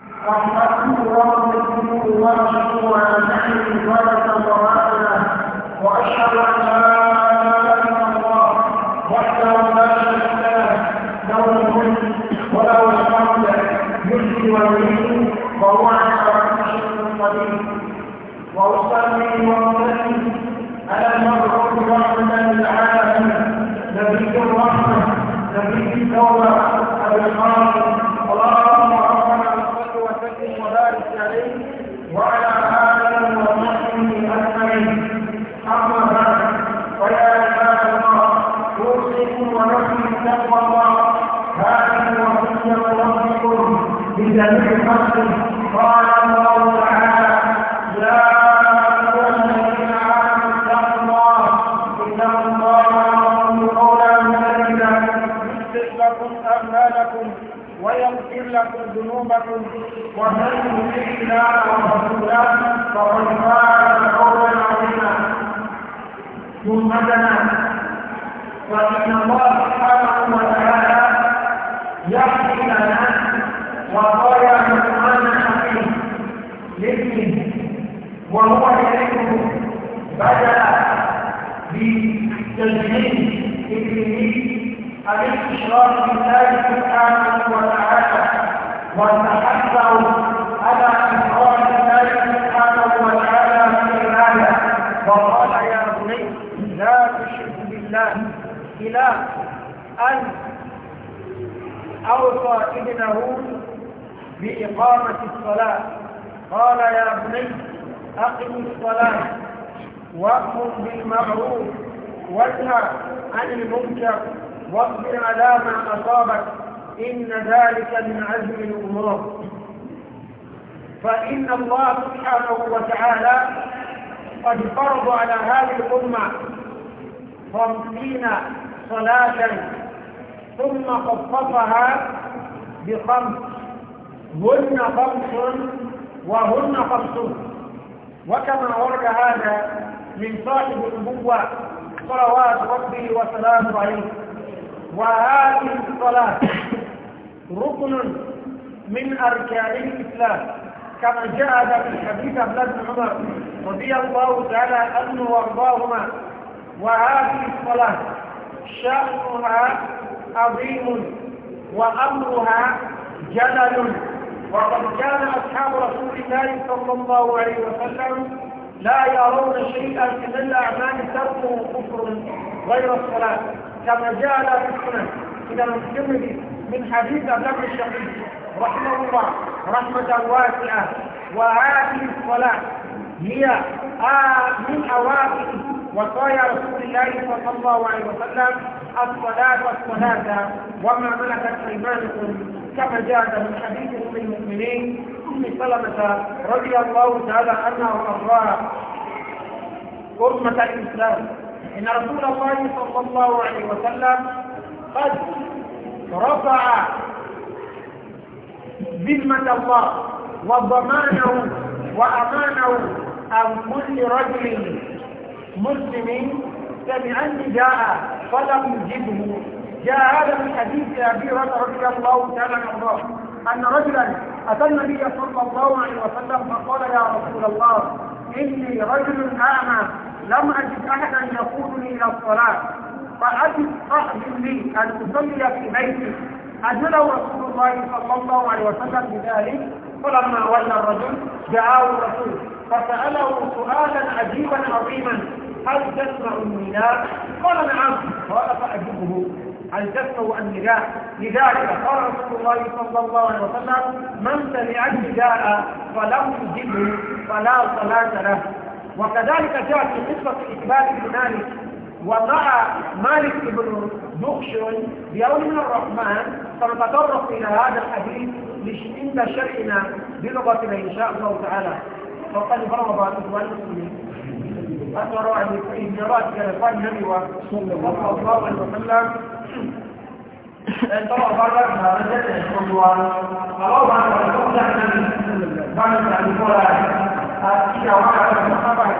رحمته ورحمته ورحمته ونعمه ذلك وراءنا واشهد ان لا اله الا الله وحده لا شريك له له الملك وله الحمد يحيي ويميت وهو على كل شيء قدير إلا أن أوصى ابنه بإقامة الصلاة قال يا بني أقم الصلاة وأمر بالمعروف وانهى عن المنكر واصبر على ما أصابك إن ذلك من عزم الأمور فإن الله سبحانه وتعالى قد فرض على هذه الأمة خمسين صلاة ثم خصصها بخمس هن خمس وهن خمس وكما ورد هذا من صاحب النبوة صلوات ربي وسلامه عليه وهذه الصلاة ركن من أركان الإسلام كما جاء في الحديث عن ابن عمر رضي الله تعالى عنه وارضاهما وهذه الصلاة شأنها عظيم وأمرها جلل وقد كان أصحاب رسول الله صلى الله عليه وسلم لا يرون شيئا من الأعمال تركه كفر غير الصلاة كما جاء لا في السنة إلى الترمذي من حديث أبي الشقيق رحمه الله رحمة واسعة وهذه الصلاة هي آه من أوائل وصايا رسول الله صلى الله عليه وسلم الصلاة الصلاة وما ملكت أيمانكم كما جاء من حديث أم المؤمنين أم سلمة رضي الله تعالى عنها وأرضاها أمة الإسلام إن رسول الله صلى الله عليه وسلم قد رفع ذمة الله وضمانه وأمانه عن كل رجل مسلم سمع النداء فلم يجبه جاء هذا من حديث ابي هريره رضي الله تعالى عنه ان رجلا اتى النبي صلى الله عليه وسلم فقال يا رسول الله اني رجل اعمى لم اجد احدا يقودني الى الصلاه فاجد صاحب لي ان اصلي في بيتي اجله رسول الله صلى الله عليه وسلم بذلك فلما ولى الرجل دعاه الرسول فسأله سؤالا عجيبا عظيما هل تسمع النداء قال نعم قال فأجبه هل تسمع النداء لذلك قال رسول الله صلى الله عليه وسلم من سمع النداء فلم يجبه فلا صلاة له وكذلك جاء في قصة إثبات بن مالك ومع مالك بن دخشن بيوم من الرحمن سنتطرق إلى هذا الحديث عند شرحنا بلغتنا إن شاء الله تعالى فقد فرض على اخوان المسلمين اترى ان يكون جرات كلفان النبي صلى الله عليه وسلم ان ترى فرقنا رجعت الخطوان فروض عن الرسول النبي بعد تعليم ولا أكيد وعلى المحبة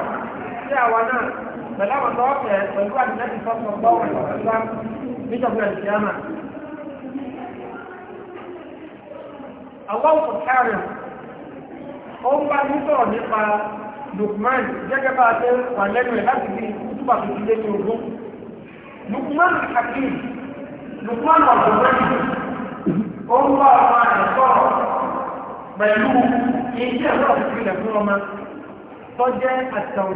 يا وانا فلما توقع فالقعد النبي صلى الله عليه وسلم بتقول القيامة الله سبحانه ó ń bá ní sọ̀rọ̀ nípa Lukman gẹ́gẹ́ bá a wà lẹ́nu ẹ̀ láti fi túbà tó lé ní ogún Lukman Hakim Lukman ọ̀gbọ̀n ó ń bá ọmọ rẹ̀ sọ̀rọ̀ pẹ̀lú iṣẹ́ fún ọmọ tó jẹ́ ọ̀bọ̀ kan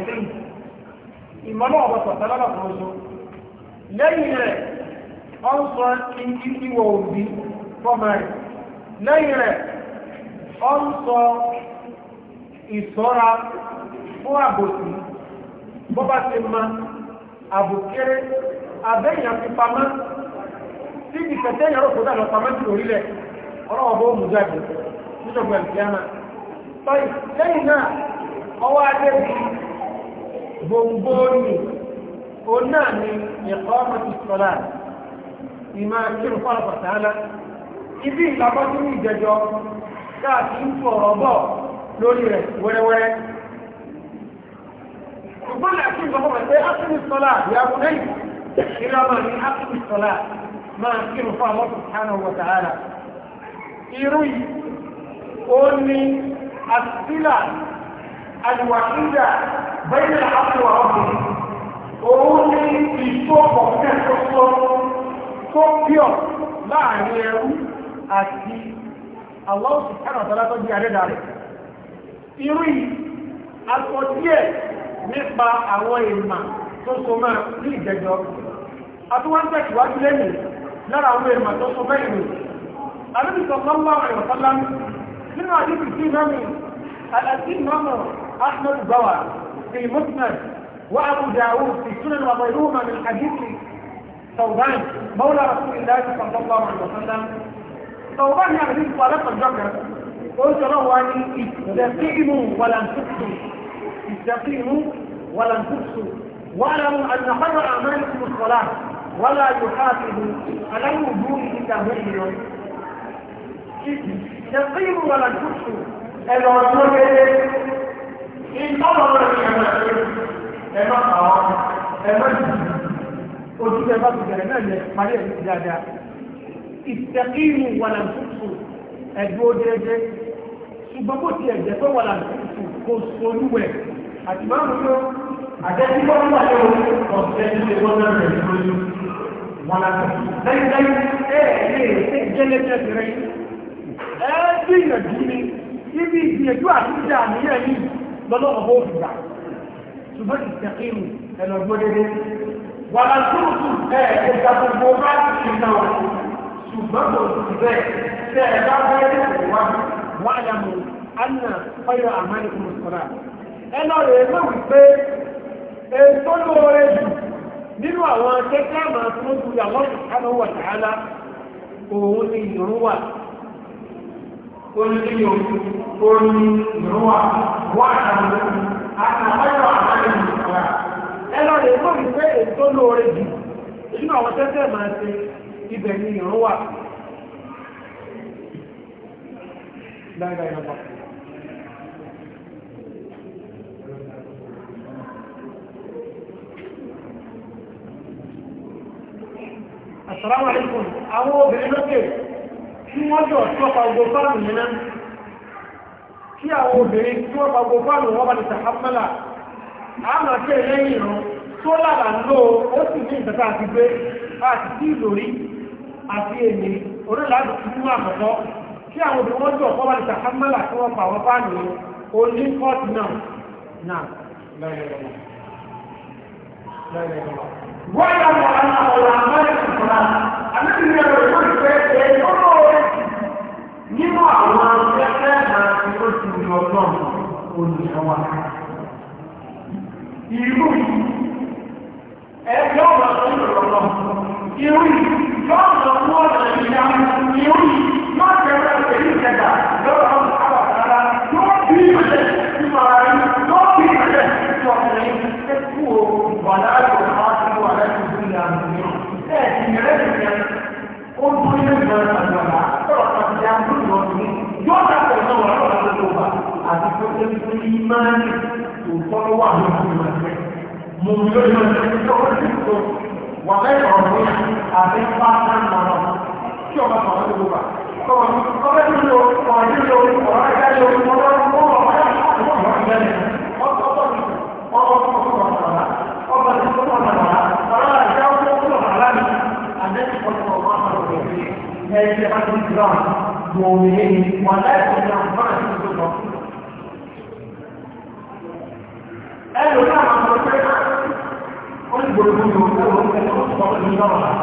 lẹ́yìn rẹ̀ ọ ń sọ ìdí ìwọ̀ òbí fọ́mọ rẹ̀ ìṣọ́ra fún àbòsí bọ́bá ti ma àbòkéré abẹ́yàn fi pamọ́ tí ìfẹ̀tẹ́ ìyàrá òkúta lọ pamọ́ sí orílẹ̀ ọlọ́wọ́ bó mú jáde níjọba ìfìyàmà báyìí lẹ́yìn náà ọwọ́ adé bí gbòǹgbò ní o náà ni ẹ̀kọ́ ọmọ ti sọ́lá ìmá kírù fọ́lọ̀pọ̀ sáálá ibi ìlàbọ́ nínú ìjẹjọ káàkiri ń fọ̀rọ̀ bọ́ọ̀ lórí rẹ̀ wẹ́rẹ́wẹ́rẹ́ ṣùgbọ́n lè kí n sọ pé ápùlù sọ́lá ìyàwó lẹ́yìn ìrọ̀ máa ní ápùlù sọ́lá máa kí n fún àwọn subhanahu wa ta'ala irú yìí ó ní àtìlà àdìwàkúdà bẹ́ẹ̀ àpùlù àwọn òun ní ìṣòpọ̀ kẹ́kọ̀ọ́ tó pọ̀ láàrin ẹrú àti àwọn subhanahu wa tó di àdẹ́dà rẹ̀ irú yìí aṣọ díẹ̀ nípa àwọn ìmà tó so máa ní ìjẹjọ àtúwọ́n tẹ̀síwájú lẹ́yìn lára àwọn ìmà tó so mẹ́ ìlú alẹ́bìsọ̀ sọ́lá ìrọ̀sọ́lá nínú àdíkù sí mẹ́mí àti ìmọ̀mọ̀ ahmed bawa fi musnad wa abu dawud fi sunan wa bayruma min hadithi sauban maula rasulillahi sallallahu alaihi wasallam sauban ya hadith ó sọ̀rọ̀ wá ní ìsẹ̀kínú wàlàǹtùkù ìsẹ̀kínú wàlàǹtùkù wàlàmù àtàkọ́rọ̀ àmàlùkù sọ̀lá wàlà yòókàtìlù aláwùdú ìdíkàwé ìlọ. ìsẹ̀kínú wàlàǹtùkù ẹ̀rọ ọ̀dọ́ lélẹ̀ ìtọ́lọ́rọ̀ ìyàmà ẹ̀mọ́ àwọn ẹ̀mọ́ ìdíkàwé ojú ẹ̀bá ti bẹ̀rẹ̀ náà lẹ̀ parí ẹ̀ ẹ̀dúró déédéé ṣùgbọ́n bó ti ẹ̀jẹ̀ tó wà láti kò solúwẹ̀ àti máa mú yóò àjẹ́sí bọ́ wà ní ọ̀sẹ̀ ilé wọn náà rẹ̀ lójú wọn láti lẹ́yìnlẹ́yìn ẹ̀ẹ́dẹ́ ìjẹ́lẹ́jẹ́ ti rẹ̀ ẹ̀ẹ́dẹ́ ìyànjú ni ibi ìgbìyànjú àti ìjà àníyàn yìí lọ́lọ́ ọ̀bọ̀ òfìgbà ṣùgbọ́n ìtẹ̀kìrù ẹ̀lọ́gbọ́dẹ́dẹ́ wà láti tó ṣùgbọ́n ọtụtụ sì bẹ́ẹ̀ tẹ́ ẹ bá bẹ́ẹ̀ ní kò wá wá yàmù ánà fáyọ àmàlì kò sọ̀rọ̀ ẹ lọ rẹ̀ ẹ lọ́wọ́ pé ya lóore jù nínú àwọn akẹ́kẹ́ àmà tó ń gbúdọ̀ àwọn ìkànnì ni ìrún wà olùdíyò orin ìrún wà wà àtàwọn àtàwọn àmàlì kò sọ̀rọ̀ ẹ lọ rẹ̀ ẹ lọ́wọ́ pé ibẹ̀ ni ìrún wà láìláì lọ́pàá Assalamu alaikum àwọn obìnrin lókè tí wọ́n jọ tọ́pa ogun fáàmù nínú kí àwọn obìnrin tí wọ́n pa ogun fáàmù wọ́n bá ti tàhámọ́là àmà tẹ́ lẹ́yìn ìrún tó lára lóò ó sì ní ìtàkà àti gbé àti sí ìlòrí àti èmi onílàájú nínú àkọ́kọ́ kí àwọn obìnrin wọ́n jọ ọ̀pọ̀ bá ti sàkámọ́là tí wọ́n pa wọ́n bá ní oní court náà náà wọ́n yà wọ́n àwọn ọ̀rọ̀ àmọ́lẹ̀ ìfọ̀lá àmì nínú àwọn akẹ́kẹ́ àti oṣù ọ̀gbọ́n olùsọ́wà. Irú ẹgbẹ́ ọ̀gbọ́n olùsọ́wà. Irú ìlú imani utoro wa Mungu mwenyewe. Mungu yeye ndiye mtoa wa leo àbẹ́ bá dáná lọ kí ọba kan wọ́n ti gbogbo àwọn ọ̀rẹ́ tó lò ọ̀rẹ́ tó lò ọ̀rẹ́ ẹ̀ka lò ọ̀rẹ́ tó lò ọ̀rẹ́ tó lò ọ̀rẹ́ Ẹ̀jẹ̀ bá ti gbà wọ̀nyí wà láìpẹ́ ní àwọn ọ̀rẹ́ tó ti gbọ́. Ẹ̀rọ náà máa ń sọ pé ó ń gbòòrò ní ọ̀rẹ́ òun ẹ̀rọ tó sọ pé ní ọ̀rọ̀.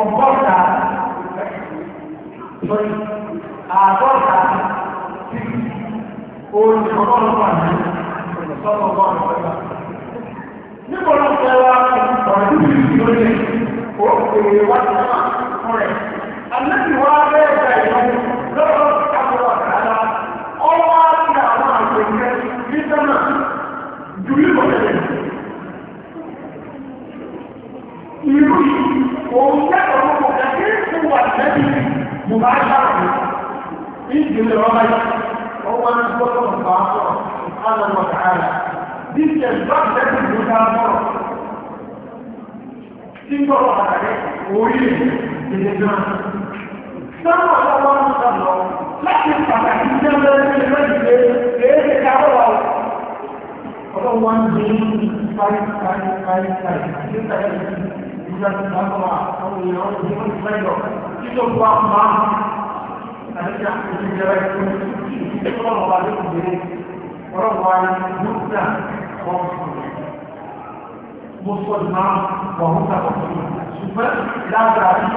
ọgọ́ta lórí àgọ́ta tí orí ọgọ́rùn-ún wà ní ọ̀sán ọgọ́rùn-ún pẹ̀lú. Níbo ló fẹ́ wá ọ̀rọ̀ ìlú ìlú lórí òkèèrè wá sí مباشرة يجي للعمل هو نقول مباشرة سبحانه وتعالى دي البحثة المتابعة تنظر على ويجي للجنة سمع الله سبحانه لكن فقط الجنة للمجد ليه تعالوا فلو وانجي كاي كاي كاي كاي كاي كاي كاي كاي كاي كاي كاي كاي كاي tí ó bá máa àti àti ìjọba ìpínlẹ̀ ọlọ́run wà lókùn bèrè ọlọ́run wà ní lókùnà ọ̀hún mo sọ ìmá ọ̀hún tàbí ṣùgbọ́n lágbàá ní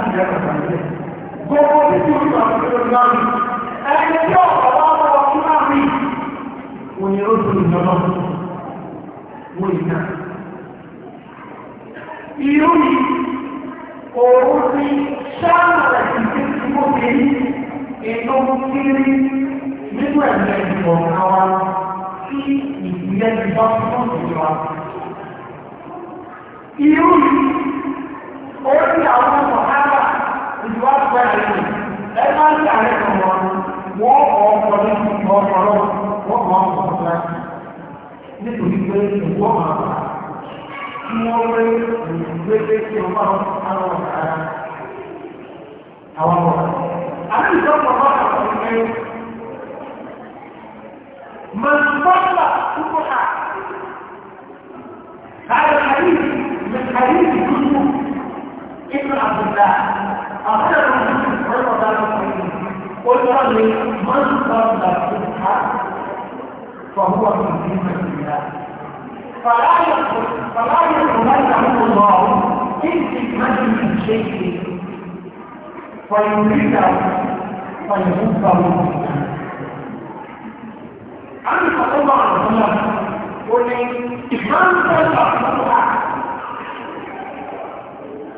ìjọba òun ti ṣáàmà ìdí tí mo fi inú kiri nínú ẹ̀mí ìbò àwa tí ìgbìyẹ ti fún ìjọ Irú yìí, ó ní àwọn ọmọ ábà ìjọba pẹ́ àlejò, ẹ ń ṣe àlejò wọn, wọ́n kọ́ ọkọ̀ ní ìgbọ̀ ọ̀pọ̀lọ́, wọ́n kọ́ ọkọ̀ ọ̀pọ̀lọ́ nítorí pé ìwọ́n máa ومن يدرك الله سبحانه وتعالى أوامره أنا يسمى الله الرحمن من صلى الصبح هذا الحديث من حديث يوسف ابن عبد الله أخرجه مسلم رضي الله عنه قل من صلى الصبح فهو في ذمة الله فلا يتمنعه الله إن تتمنع من شيء فيريده فيحبه أنت طبعا الله ولي إمام الله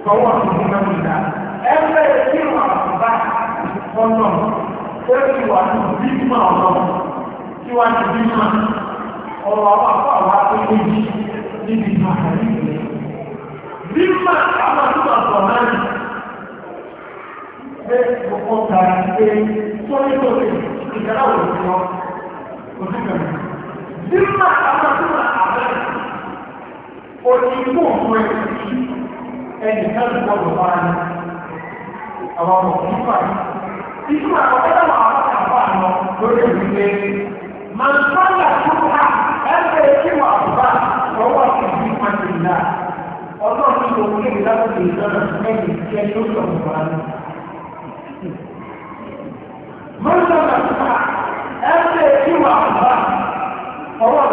فهو سبحانه وتعالى أما يسير على الصباح والنوم فهو سبحانه وتعالى سوى أن يبينما الله سوى أن يبينما ọ̀rọ̀ àwọn àpá àwọn akéwì níbi ìmọ̀ àkàrí ìwé. Bí mà àwọn àtúbà sọ̀ náà ní pé gbogbo kàrí pé sórí lórí ìkàrà òun ti lọ òsì kàrí. Bí mà àwọn àtúbà àbẹ̀rẹ̀ òyìnbó òun ẹ̀ ẹnìkan gbọdọ̀ wá ní àwọn ọmọ òkúta ìtura ọ̀pẹ́lẹ́wọ̀n àwọn àpá àlọ́ lórí ìwé máa ń sọ́yà tó kà lè mọ́tò àbúrà ẹ lè kí wọ́n àbúrà lọ́wọ́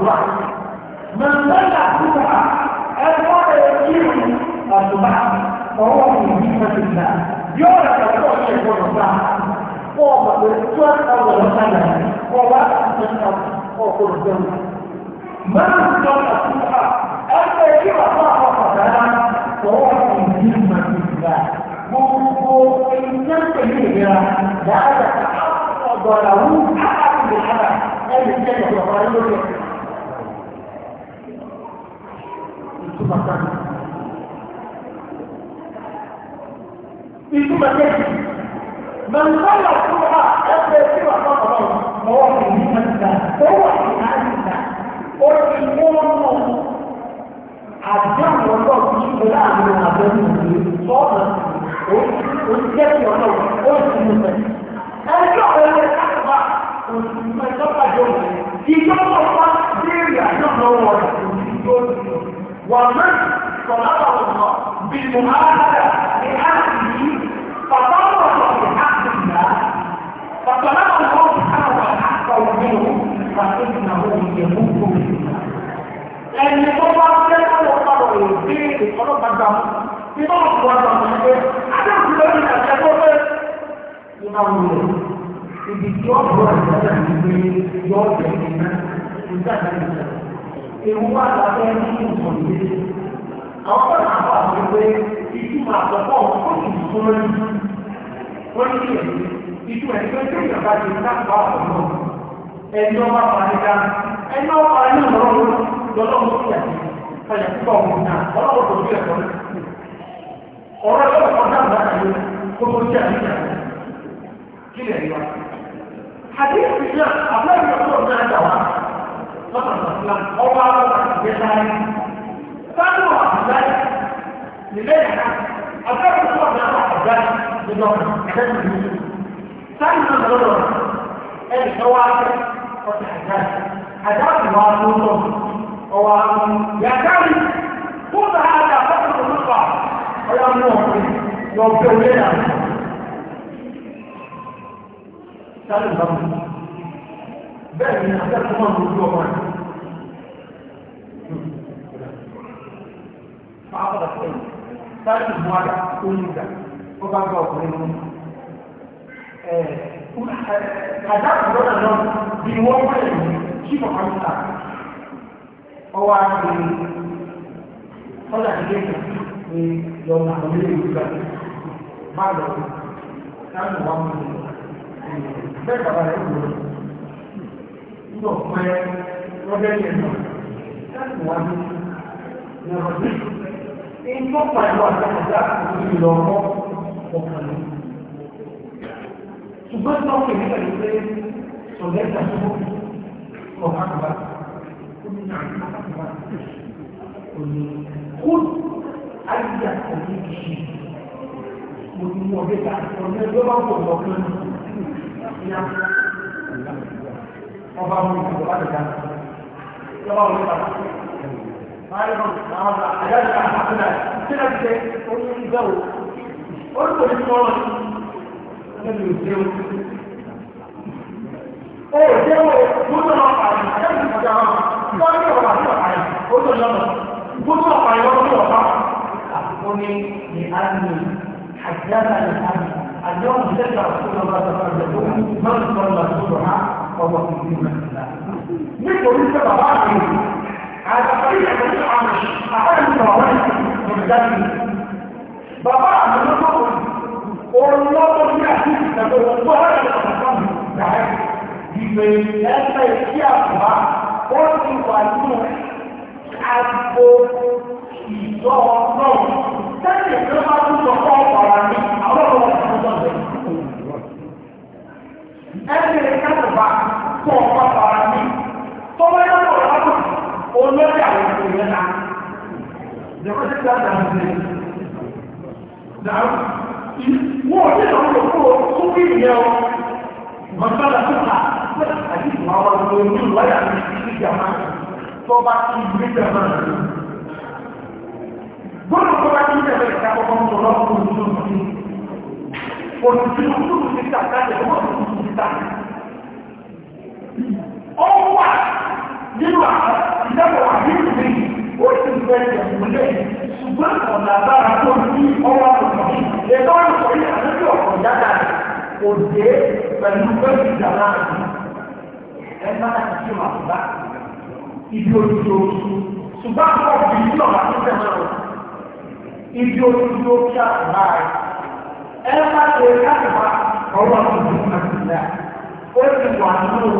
من صلى الصبح أدرك يقين الصباح فهو في مهمة الله يعرف كل شيء الصباح وهو بالسؤال أول سنة وهو بالسؤال أول سنة من صلى الصبح أدرك الله تعالى فهو في مهمة الله وإن تنتهي لا يتعرض له أحد بالحدث أي الجنة وقال له pàtàkì. Ìtumọ̀ kejì, màlúwàlà tó wà ẹgbẹ́ tí wà fún ọ̀rọ̀ lọ́wọ́ mi ní Màlúwà tó wà ní Àyíká. Ó ti mú ọmọ àdéhùn ọ̀dọ́ tí ó láàrin àbẹ̀wò ìlú sọ́ọ̀nà oníkẹ́kì ọ̀dọ́ ó sì mú bẹ̀. Ẹjọ́ ẹgbẹ́ káàkiri òṣìṣẹ́ ìjọba jọ ìjọba wa béèrè àjọ lọ́wọ́ rẹ̀ òṣìṣẹ́ òṣìṣẹ́ ومن طلبه الله بالمعامله لعبده فطلبه بحق الله فطلبه الله سبحانه وتعالى منه فانه يموت بالله ẹni tó bá fẹ́ kó ọ̀rọ̀ òde ìfọlọ́gbàgbà mu tí wọ́n fi wá gbà wọ́n pé adéhùn lórí àṣẹ tó fẹ́ ìmọ̀ wò ibi tí ó bọ̀ ẹ̀ṣẹ̀ náà ti gbé yọ ọ̀bẹ̀ ìgbà ìgbà ìgbà ewu àwọn kan náà wà ní pé ìtumọ̀ àtọ́kọ̀ ó sì fún lórí wọ́n ní ìyẹn ìtumọ̀ ẹni pé kéèyàn bá ti dápá ọ̀rọ̀ náà ẹni ọba parí ká ẹni ọba parí náà lọ́wọ́ lọ́nà ìgbàlá bẹ́ẹ̀ ni máa lójú ọmọ rẹ̀. máa padà sẹ́yìn sáyẹ̀tì mú ara tó ní ìgbà ó bá gba ọkùnrin mú. kàdá ìrọ́nà náà bí wọ́n bẹ̀rẹ̀ ní chief of cancer ọwọ́ àti ọjà ìgbésẹ̀ ní yọ̀ọ̀nà ìlú ìgbà máa lọ sí sáyẹ̀tì wà mú bẹ́ẹ̀ bàbá rẹ̀ kúrò pọ̀ pẹ́ lọ́dẹ́ yẹn náà láti wá àti ìlọ́kọ́ ọ̀kan Ṣùgbọ́n tó kè ní pé sọ̀dẹ́ ìdàgbọ́ ọ̀kan àgbà ó ní àgbà kò ní kú ayé Mo ní mo ọ̀nà ẹgbẹ́ bá pọ̀ lọ́kàn ní wọ́n bá mú ìgbà bá dìgbà ìjọba wọlé bàbá báyìí lọ àwọn àyájọ àbúrò tí wọ́n ti ṣe orí ìgbà wo orí kò ní kí wọ́n lọ sí ẹni ò jẹun. ó jẹun gbọ́dọ̀ lọ pààyàn àyájọ ìgbàjà wọn tó ń bọ̀ wà sí ọ̀pààyàn ó tó lọ́nà gbọ́dọ̀ ọ̀pààyàn wọn tó ọ̀pá. àkókò ní ní àmì àjẹ́sà ní àmì àjọ òṣèlú àkókò lọ́wọ́ àtàkùn àjọ ọmọ tuntun náà. nítorí pé bàbá mi àtàkùn ìyàgbẹ́ àmì àbáyé sọ̀rọ̀ wọ́n ti dájú. bàbá mi ló tó òun lọ́wọ́ bí àti ìtàgbẹ́ gbogbo ọ̀rẹ́ ìtàgbẹ́ kan dàrẹ́. ìgbè ẹgbẹ́ ìṣí àbúrá ó ti wà nínú àgbo ìjọ náà. ibi òdodo ṣùgbọ́n àwọn ọ̀gbìn ní ọ̀la tó tẹ̀ náà ibi òdodo kí a sì máa rẹ̀ ẹ bá ṣe láti bá ọwọ́ àtúntò àti ìlà ó ti wà nínú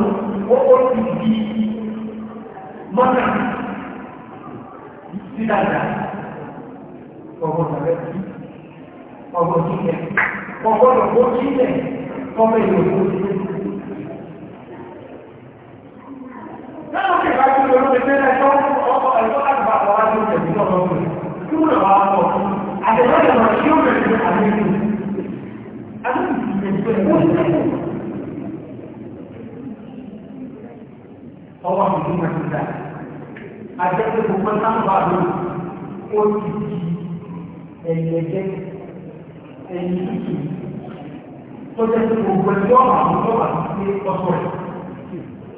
ó ti di mọ́tà dídàdà ọgbọ́n tàbí ọgbọ́n kíkẹ́ ọgbọ́n ọgbọ́n kíkẹ́ ọmọ ìlú Claro que va a ser que tiene todo el toque para probar un servicio doble. Y uno va a otro. Además de la oración que tiene a mí. A mí me pregunta. Ọwọ́ mi ní Màtíńdà. Àjẹ́sẹ̀ gbogbo sáńbà ló ó ti di ẹ̀yìn ẹ̀jẹ̀ ẹ̀yìn tuntun. Tó jẹ́ pé gbogbo ẹjọ́ àwọn ọmọ àti ọkọ̀ rẹ̀.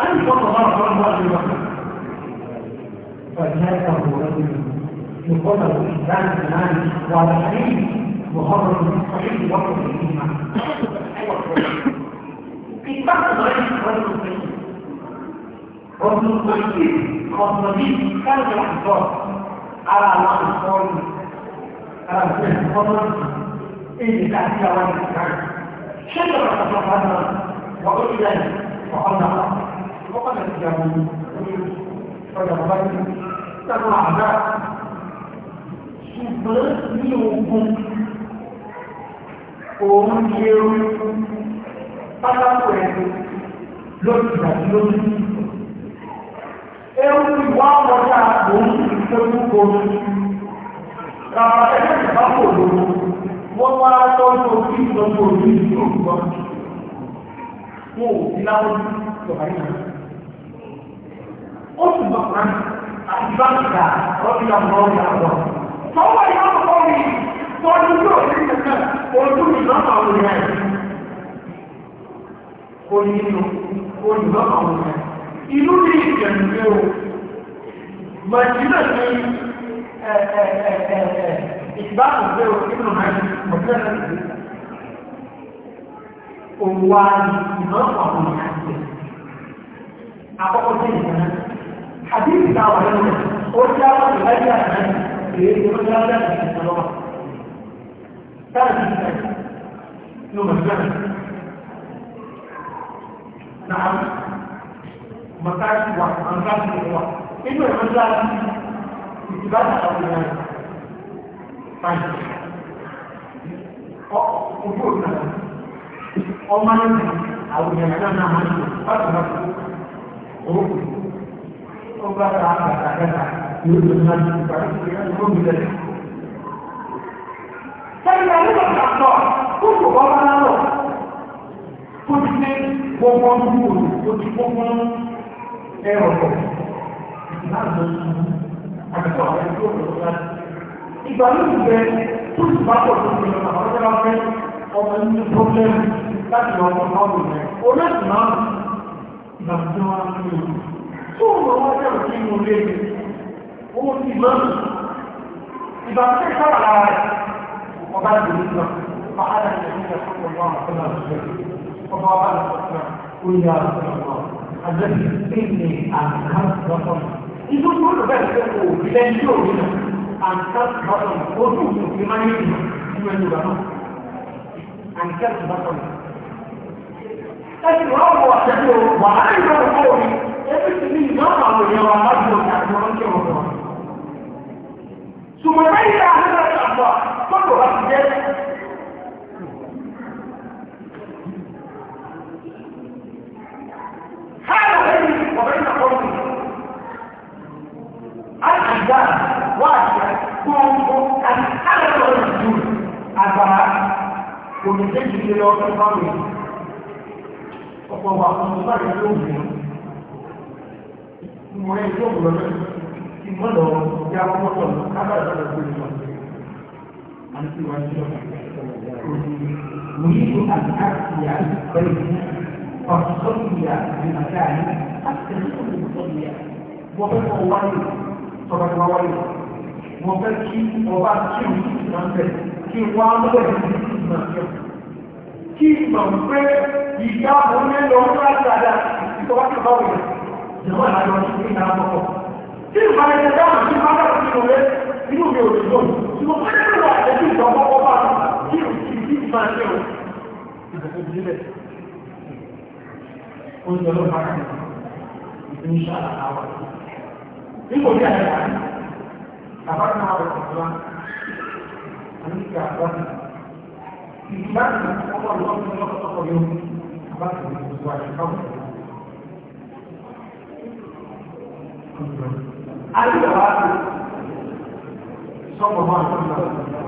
ألف مرة رب رجل فذاك هو رجل يقدر الإنسان المال وعلى حليم مخرج من صحيح وقت الإجماع في بعض الغيب رجل صحيح رجل صحيح خاصمين كان الأحزاب على الله الصالح على سنة الفضل إن تأتي وإن تأتي شجرة تفضل وقلت ذلك وقلنا وقد تجاوزوا فجاوزوا سبع أعداء ṣùgbọ́n ní ogun òun yẹrù pátákó ẹ̀rù lórí ìdájí lórí ẹ̀rù ìwà ọ̀dá òun ìtọ́jú omi kàwà ẹ̀rù ìbáfò lòrò wọ́n wá tọ́jú orí ìtọ́jú omi ìlú òkúgbọ́n wọn ò sí láwọn ìtọ́jú ó sì mọ̀ fún àti báńkà lọ́dún àwọn ọ̀rọ̀ àwọn. Sọ́wọ́ ìyá ọkọ mi tọ́jú yóò ní kẹ̀kẹ́ ojú ìlọ́mọ̀ àwọn ìyá ẹ̀. Kò ní inú, kò ní lọ́mọ̀ àwọn ìyá ẹ̀. Ìlú ní ìjẹ̀lú pé o, Màjílẹ̀ ní ìgbàgbọ́ pé o nínú àìsí ọ̀gbẹ́rẹ̀ rẹ̀. Òwò àìsí ìlọ́mọ̀ àwọn ìyá ẹ̀. Àkọ́kọ́ sí ìgbà náà àbí ìta wà lọ́wọ́ ó ti á wọ́n láyé àná èyí tó ń láyé àná ìta lọ́wọ́ táàbí ìta ló mọ̀ náà náà mọ̀táàkì wà mọ̀táàkì wà inú ẹ̀rọ ńlá ìtìbáta àwọn ìyá rẹ̀ báyìí ojú òkúta bára àtàkàtà yóò lè máa o gbà sí ẹni tó ń bẹ̀rẹ̀. Sẹ́yìn àdúgbò kàtọ̀ kó kò bọ́ bá lọ. Kó ti dé gbọ́gbọ́ ń bú òní, ó ti gbọ́gbọ́ ń ẹrọ̀ pọ̀. Láàbọ̀ àdúgbò àwọn ẹgbẹ́ òkè ọ̀la. Ìgbà ló ń bẹ tó ti bá pọ̀ tó ń bẹ àwọn ọ̀rẹ́ wa fẹ́ ọmọ ní pọ́blẹ́mù láti lọ ọmọ náà wò rẹ̀. Olóòtú náà ìgbà tó wá ń bẹ̀rẹ̀ tó mọ̀ wọ́n jẹ́ òkú inú ilé mi owó ti mọ́ ìgbà tó ń sábà lára rẹ̀ ọba ti ní sọ ọba ada ti ní sọ fún ọmọ àkọlà ọ̀sẹ̀ ọba ọba àti ọ̀sẹ̀ oúnjẹ àti ọ̀sẹ̀ àjẹ́ ìpínlẹ̀ àǹkáàtì lọ́sọ̀ inú gbọ́dọ̀ bẹ́ẹ̀ ṣe kò rí lẹ́yìn tí òun nà àǹkáàtì lọ́sọ̀ ojú òfin máa ń yé ìlú ẹni ìgbà náà àǹkáàtì lọ́sọ̀ ẹ̀sìn wọn wọ àṣẹ ẹ̀ẹ́dẹ́gbẹ̀rún ìlú àwọn àwọn èèyàn wa máa dùn ní àjọ ọjọ́ ọ̀dọ́. ṣùgbọ́n lẹ́yìn àhẹ́rẹ́ ìṣàbọ̀ fọ́tò wa ti jẹ́ hálà lẹ́yìn ọ̀rẹ́ ìṣàkọ́sí àtìgbà wà àṣẹ kúrúkú àti hálà lọ́rọ̀ ìlú àgbàrá òmìnir ọ̀pọ̀ wà fún ìgbàlódé òmìnir mo rẹ̀ yóò mú lọ́dọ̀ kí mọ́ lọ yá mọ́tò lọ kábàá lọ́dọ̀ gbé lọ. àti wàá jọ ويريد أن أأتي بيتي فأصلي بمكاني حتى يكون مصليا وبين الله صلى الله عليه وسلم وبكي وبكي kí wọ́n á lọ́wọ́ ìdílé ìgbà jọ kí ìgbà ń pẹ́ ìyá àwọn mẹ́lọ ọdún àti àdá ìtọ́wọ́sọ̀ báwọn yẹn ìwọ ìlàjọ ní tó wá. yóò bá kàn ní ìgbà Adébàbáàdì sọ́pọ̀ máa ń sọ́pọ̀.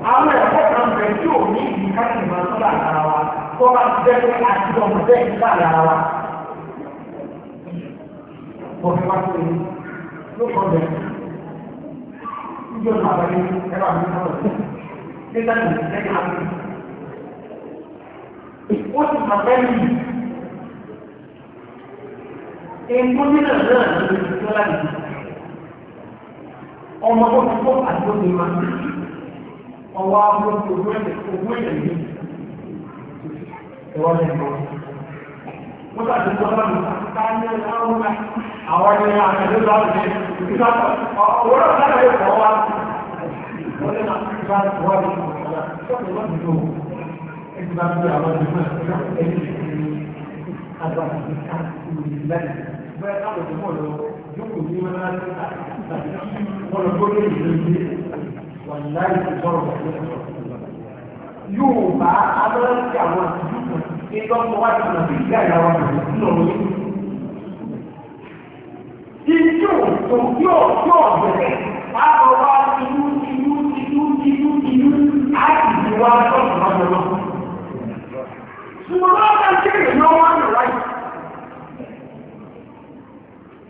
Àwọn ẹ̀kọ́ kan bẹ̀ tí ò ní ìdí káàkiri máa sọ́lá ara wa, tó bá ti jẹ́ pé àti ọmọ bẹ́ẹ̀ ń sọ́lá ara wa. Wọ́n fi wá sí ẹni ló kọ́ bẹ̀. Ìjọba àbáyé ẹ̀rọ àmì sọ̀rọ̀. Nígbà tí ìjẹ́ kí a fi. Ó ti mọ̀ bẹ́ẹ̀ ni. Èkó ọmọ tó ti tó àjọ ní ma ọwọ́ àwọn owó ẹ̀yẹ owó ẹ̀yẹ yìí ẹ̀rọ ní ẹ̀rọ wọ́n bá ti tọ́lá mi ká ní àwọn ọmọ àwọn ẹni àtẹ̀lẹ́ lọ sí ìgbà owó náà sára yóò kọ́ wa wọ́n lè máa ti bá wà ní ìgbà tó ti wọ́n ti tó ẹni bá ti àwọn ẹni náà ẹni ti àgbà ti ká ìlú ìlẹ́yìn bẹ́ẹ̀ ká lè tó mọ̀ lọ́wọ́ jókòó yóò bá abẹ́rẹ́ àwọn àtijọ́ ní lọ́pọ̀ wá sí ọ̀nà ìgbà ìyàwó lọ́wọ́ yìí. Ijó tó yóò yóò bẹ̀rẹ̀ láàbọ̀ wá inú inú inú inú inú láti ìwà lọ́pọ̀ lọ́pọ̀ lọ́pọ̀. Ṣùgbọ́n wọ́n máa ń kéde ní wọ́n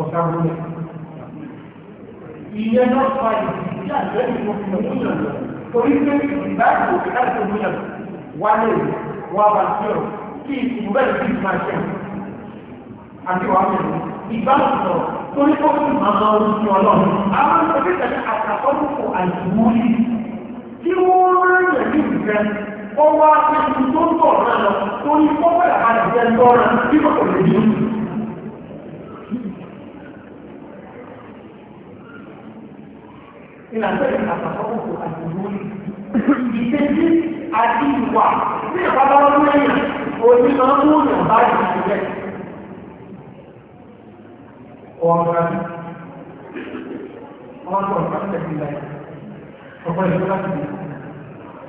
ọ̀sán wọn. Ìyẹn náà fa ìdí àjẹ́ ìfòfin òmìnira torí pé ìbáàbò láti òmìnira wà lè wà bá sí ọ̀rọ̀ kí ìbúgbẹ́ ìdí máa ṣe àti wà mẹ́rin. Ìbáàbò sọ̀rọ̀ torí pé ó máa máa ń fi ọlọ́run. Àwọn ìṣòwò ìtẹ̀lé àtàkọ́lùkù àjùmọ́lì tí wọ́n rán yẹ̀ ní ìfẹ́ ọwọ́ akẹ́kọ̀ọ́ tó ń bọ̀ náà lọ torí pọ́pẹ́ àbájáde ẹgbẹ́ ọ̀rọ̀ tí kò lè ní. ìlànà àtàkọ́kọ́ àtìlúwì. Ìṣèjì àti ìwà ní ìpàdé ọdún ẹ̀yìn òní máa ń mú ìyàn bá ìṣẹ̀lẹ̀ rẹ̀. Ọ̀rọ̀ wọn sọ ìpàdé ìlà ọ̀pọ̀ ìṣẹ́ láti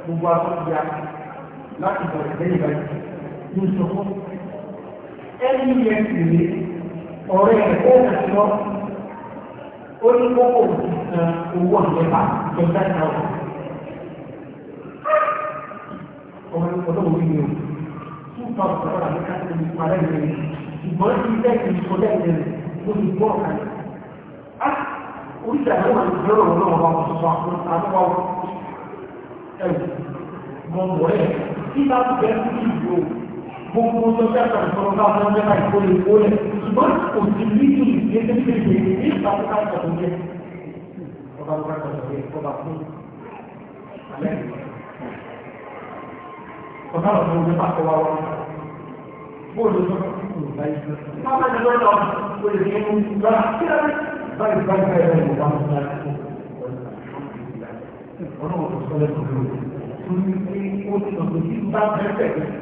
gbogbo àtúnṣe láti bọ̀rẹ̀ lẹ́yìn báyìí ní ìṣòkó. Ẹni yẹn sì rí ọ̀rẹ́ ẹ̀kọ́ òkú lọ́wọ́ ó ní kókó nǹkan owó àjẹpà twenty five thousand. ọmọ ní ọdún òwe ni o two thousand ọ̀rọ̀ àti káàkiri ní ìpàdé ìrìn ìgbọ́n ti bẹ́ẹ̀ ti sọ bẹ́ẹ̀ lẹ́nu ó gbọ́ ọ̀kan ní. Ah! a oríṣi àwọn àti ìjọba òun náà wà wọ́n sọ àwọn àbúrò ẹ̀wù mọ̀ mọ̀ ẹ̀ kí bá bẹ́ẹ̀ kú ìlú o gbogbo tó fẹ́ sọ̀rọ̀ sọ̀rọ̀ náà wọ́n jẹ́ báyìí kó lè kó lẹ̀ ṣùgbọ́n kò sí nínú ìgbésẹ̀ kékeré ní ìgbàkúkà ìtọ́jú jẹ́ ọba kúkà ìtọ́jú jẹ́ ọba fún alẹ́ ọba ọ̀dọ́ ọdún bá kọ́wá wọn bóòlù tó fẹ́ kí kò láyé báwọn ẹni lọ́dọ̀ kò lè ní ìlú gbára kí lóore báyìí báyìí báyìí lọ́dọ̀ bá wọn láyé ọlọ́wọ́ tó sọ lẹ́kọ̀ọ́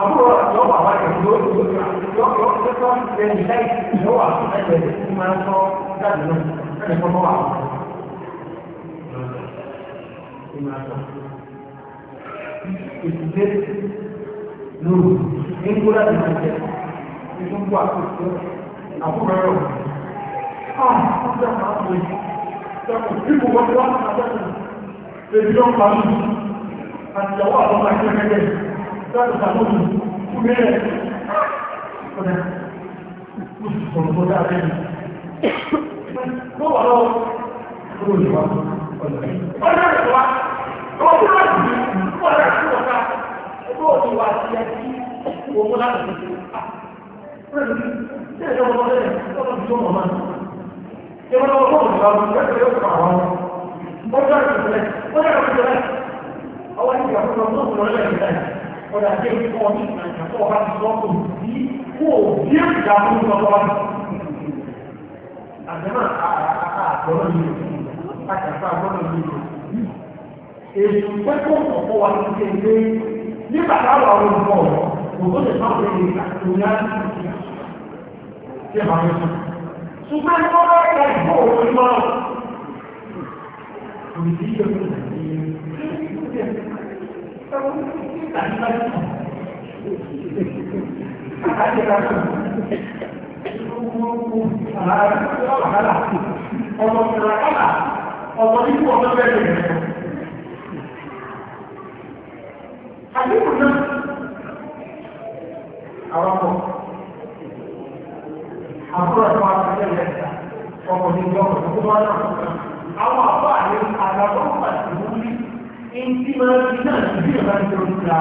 àbúrò àjọ bàbá yẹn ló yọ yọ tó ṣe ní láì yọ wà ẹgbẹ́ tí máa ń sọ jáde náà ẹni tó wà. Ìdílé lóru ní gbọ́dọ̀ ti máa jẹ ìdúgbò àkókò àbúrò rẹ̀ wò. Ah, ọjọ́ máa ń wọ yìí. Sọ́kùn, bíbu wọn lọ́wọ́ àtàkùn, èdè ló ń pa mí. Àtìyàwó àwọn ọmọ ẹgbẹ́ mẹ́tẹ̀ẹ̀ta láti sàmójú fún mẹ́rẹ̀ ọ̀dá ó sì sọ̀rọ̀ tó dáadé ní tó wà lọ́wọ́ tó lè wá ọ̀dọ̀ rẹ̀ ọ̀dọ̀ rẹ̀ wá ọ̀dọ̀ tó láti ní ọ̀dọ̀ rẹ̀ tó wà ẹgbẹ́ òní wa ti ẹ sí owó láti fi ṣe ẹ̀ṣọ́ ọmọ rẹ̀ ọmọ tó mọ̀ máa ẹgbẹ́ ọmọ tó mọ̀ máa ń bẹ́ẹ̀ yóò fà wọ́n ọjọ́ ìṣẹ̀lẹ̀ ọjọ́ ìṣẹ̀lẹ̀ ọwọ́ ìgbà tó lọ tó mọ̀ lọ́lẹ̀ ìṣẹ̀lẹ̀ ọ̀dà tí ó kọ́ ní ìrìnàjò tó bá ti sọ́kù sí kó o bí ó ìjà fún ìjọba wá sí. àjẹmọ́ àgbọ̀nà yìí àjàfà àgbọ̀nà yìí èsù pẹ́kọ̀ ọ̀pọ̀ wa ti ṣe ilé nígbà táwọn àwọn olùkọ́ kò tó lè máa wọlé àtòyá tí a máa yẹ fún. ṣùgbọ́n ní wọ́n bá ẹ̀ka ìgbọ́ òun ní máa kò sí ìjọba ìjọba Ọmọ ìrọ̀ ọ̀la, ọmọ ikú ọmọ bẹ̀rẹ̀ rẹ̀. Àdínkù náà, àwọn ọmọ, àbúrò ẹ̀kọ́ àti ẹ̀rẹ̀ ẹ̀ta, ọmọ ní ìjọba tó wá náà. Àwọn àbọ̀ àyè àgbàgbọ́ pàtàkì ní ìdí máa ń fi náà tí ìjọba ti ronú ra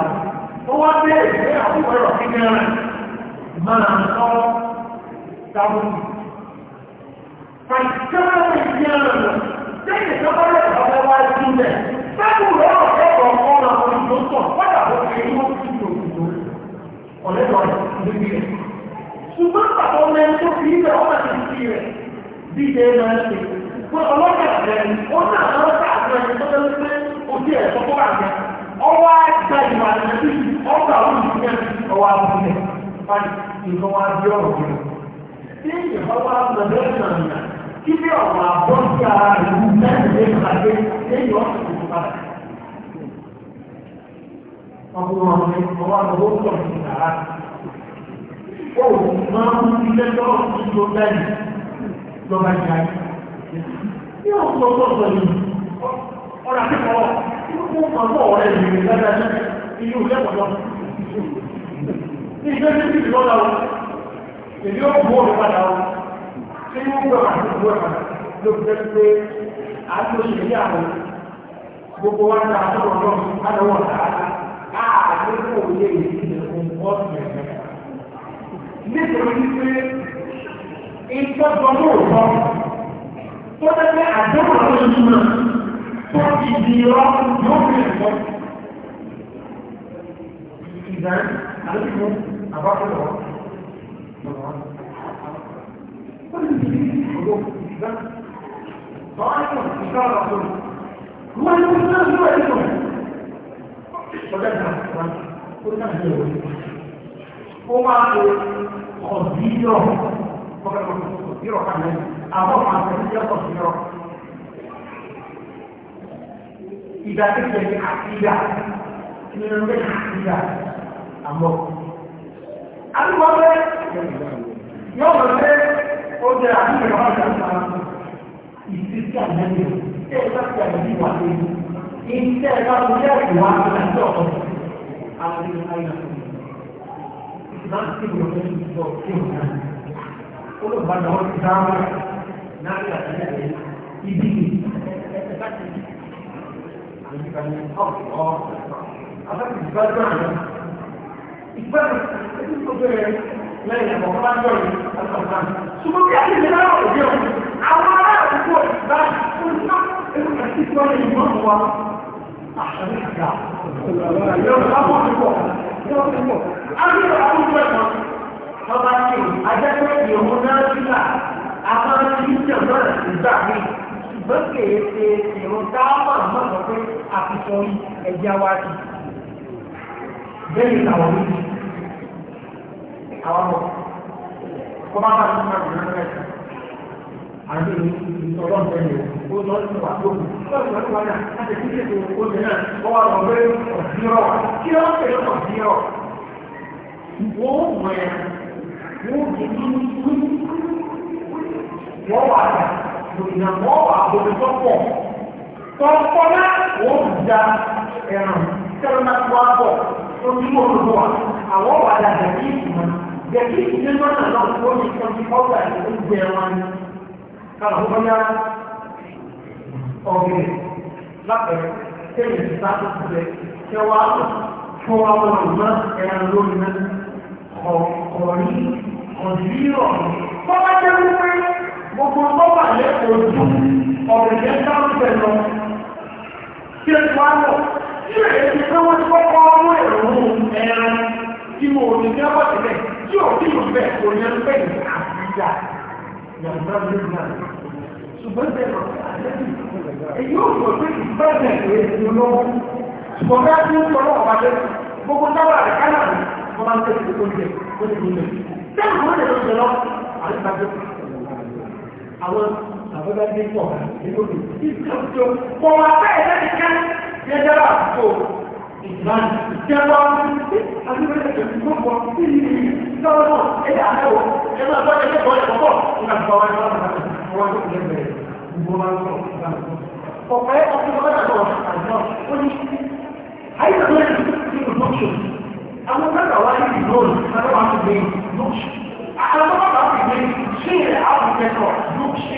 ó wá bẹ́ẹ̀ pé àkókò ẹ̀rọ kékeré máa ń sọ táwọn àìsíkáwé ìdí ẹ̀rọ lẹ́yìn ìjọba rẹ̀ bàbá wá sí ilẹ̀ sábù lọ́rọ̀ kẹ́kọ̀ọ́ ọ̀nà òyìnbó tọ̀ padà bó ṣe ní wọ́n ti di òyìnbó ọ̀lẹ́dọ̀ níbi rẹ̀ ṣùgbọ́n bàbá ọmọ ẹni tó fi ilẹ̀ ọ̀nà ti fi rẹ̀ bí ìdẹ́ máa ń ṣe pé ọlọ́kà rẹ̀ ó náà lọ́kà rẹ̀ tó lọ́ ọwọ́ àgbà ìmọ̀ àti ọgbà òṣìṣẹ́ ọwọ́ àbúlé fani ìlú wa ọ̀rọ̀ rẹ̀. Ṣé ìjọba wa lọ bẹ́ẹ̀ kí bí ọ̀rọ̀ àbọ̀ sí ara rẹ̀ wù lẹ́yìn lè lẹ́yìn ọ̀sẹ̀ tó padà. Ọkùnrin wọn ni ọwọ́ àbọ̀ ó sọ̀rọ̀ sí Ó máa ń fi lẹ́jọ́ ìjọ lẹ́yìn lọ́ba ìyá yìí. Bí ọ̀sọ̀ ọ̀sọ̀ yìí, fún ọjọ́ ọ̀rẹ́ tó tẹ́lẹ̀ àdéhùn àwọn ìlú tó ìdí ọ̀rọ̀ yóò fi ẹ̀kọ́. Ìdáyé, àlejò àbáfẹ́lọ́ ọ̀rọ̀. Ó lè fi ìṣòro ìdá. Báyọ̀ ìṣá ọ̀rọ̀ tó. Wọ́n ní wọ́n náà lọ́wọ́ ẹ̀kọ́. Ọjọ́ ìgbà wọn, ó ní àjẹ́ òwe. Ó máa lo ọ̀dí yọ̀. Ọ̀dí yọ̀ kan lẹ́yìn. Àwọn àgbẹ̀ yọ̀ ọ̀dí yọ̀ ìgbà tó jẹ ní àkíyà ní ọgbẹ́ àkíyà àmọ́. Àdúgbò ọgbẹ́ yóò wọ́n pé ó jẹ àdúgbò ìwà ọ̀gá ìgbà ìsísí àgbẹ̀yẹ tẹ́ ẹ bá ti àgbẹ̀yẹ ìwà tó yẹ. Iṣẹ́ ẹ bá jẹ́ ìwà àti ọ̀pọ̀ àwọn ìlú ayé láti ìwọ̀n tó ti sọ sí òun náà. Olùbàdàn ti dáhùn náà ní àtàlẹ́ ibi ìgbà. Ṣùgbọ́n bí a ti lè lára òjò, àwọn ará àdúgbò ìgbà ìgbà ìgbà ìgbà ìgbà ìgbà àṣàrí àgbà. Yóò bá wọn pọ̀, yóò fi pọ̀. A ní ọ̀rọ̀ àwọn ọmọ ẹ̀kọ́. Ọba ti ajẹ́pẹ́ ìhun náà sílà, a máa ń kí ìjọba ìgbà míì ṣùgbọ́n kèé ṣe ìrún táàmà máa sọ pé àfisọrí ẹ̀jẹ̀ awájú bẹ́ẹ̀ làwọn méjì àwọn ọmọ kọ́ bá bá tún máa dùn náà àti ìtọ́lọ́pẹ̀ ni ó lọ sí wà tó kù lọ́sùn lọ́sùn wáyà láti fi ṣètò oṣù náà wọ́n wà lọ́wọ́ ìyàmọ́ àbòmítọ́pọ̀ tọ́pọ́lá wọ́n da ẹ̀ràn kẹ́rọ̀nà tó wá bọ̀ tó ní olùdó wa àwọn wà dà gẹ̀kí ìmọ̀ gẹ̀kí ìdílé náà náà tó ní twenty four by oúnjẹ wọn ni kàlọ́ tó bọ́yá ọ̀gbìn lápẹ̀rẹ̀ tẹ̀yìn ìta tó ti bẹ̀ tẹ́ wá fún wa wọn ìmọ̀ ẹ̀ràn lórí náà ọ̀rí ọ̀dìrọ̀ tọ́lá jẹ́ wípé gbogbo àjẹ́kọ̀ọ́ ojú ọ̀rọ̀ ìyẹn dáhùn pẹ̀lú kí ẹ wá lọ tí èyí ti pé wọ́n ti kọ́kọ́ ọmọ ìrọ̀rùn ẹran tí mo ò ní ní ọwọ́ tẹ̀lẹ̀ tí ò tí mo bẹ̀ kò ní ẹgbẹ́ ìgbà àbíjà yàtọ̀ ní ìgbà ṣùgbọ́n bẹ́ẹ̀ lọ èyí ò sọ pé ìbẹ̀rẹ̀ èyí lọ́wọ́ ṣùgbọ́n bá ti ń sọ̀rọ̀ ọ̀bá lẹ́ gbogbo táwọn àrẹ ká náà wọ́n máa ń tẹ̀lé gbogbo jẹ ó ti gbogbo jẹ. Bẹ́ẹ̀ni wọ́n lè lọ sọ lọ àwọn ìgbàgbọ́ àwọn àbúrò ní pọ̀ nínú ìjọ pọ̀ wá bẹ́ẹ̀ láti ká jẹjẹrẹ àbúrò ìgbàlù ìjẹba àbúrò ẹ̀jẹ̀ tó pọ̀ sí lọ́wọ́ náà ẹ̀yà àbẹ̀wò ẹ̀rọ àbọ̀ ẹ̀jẹ̀ bọ̀ ẹ̀kọ́ pọ̀ nígbà tó wà wọ́n wọ́n tó lè bẹ̀rẹ̀ gbogbo máa ń sọ ọ̀pẹ́ ọkùnrin wọn náà lọ àjọ ó ní àyíká tó lẹ́yìn ní ìlúkṣù àwọn mẹ́ta wá ní ìlú àwọn àwọn àgbẹ̀ lókṣù àwọn mẹ́ta wá ní ìlú sí àwọn akẹ́kọ̀ọ́ lókṣù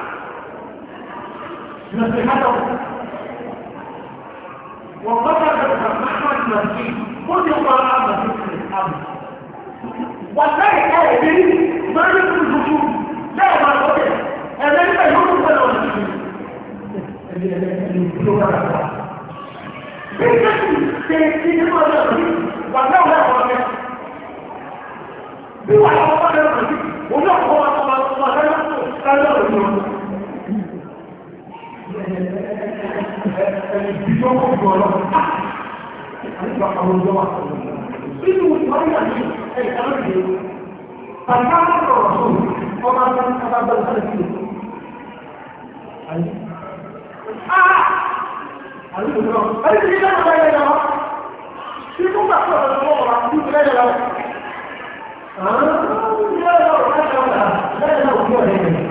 نصيحته وقدر محمد مسجد كل قراءة مسجد الأمر والله آية دي ما يكون الهجوم لا ما قدر أنا لما يهجم ولا ولا Bí wà lọ́wọ́ ọmọdé rẹ̀ sí, òun náà kọ́ ọmọdé rẹ̀ sí, ọjọ́ ìrìnàjò ìdíjọ́kọ̀ jù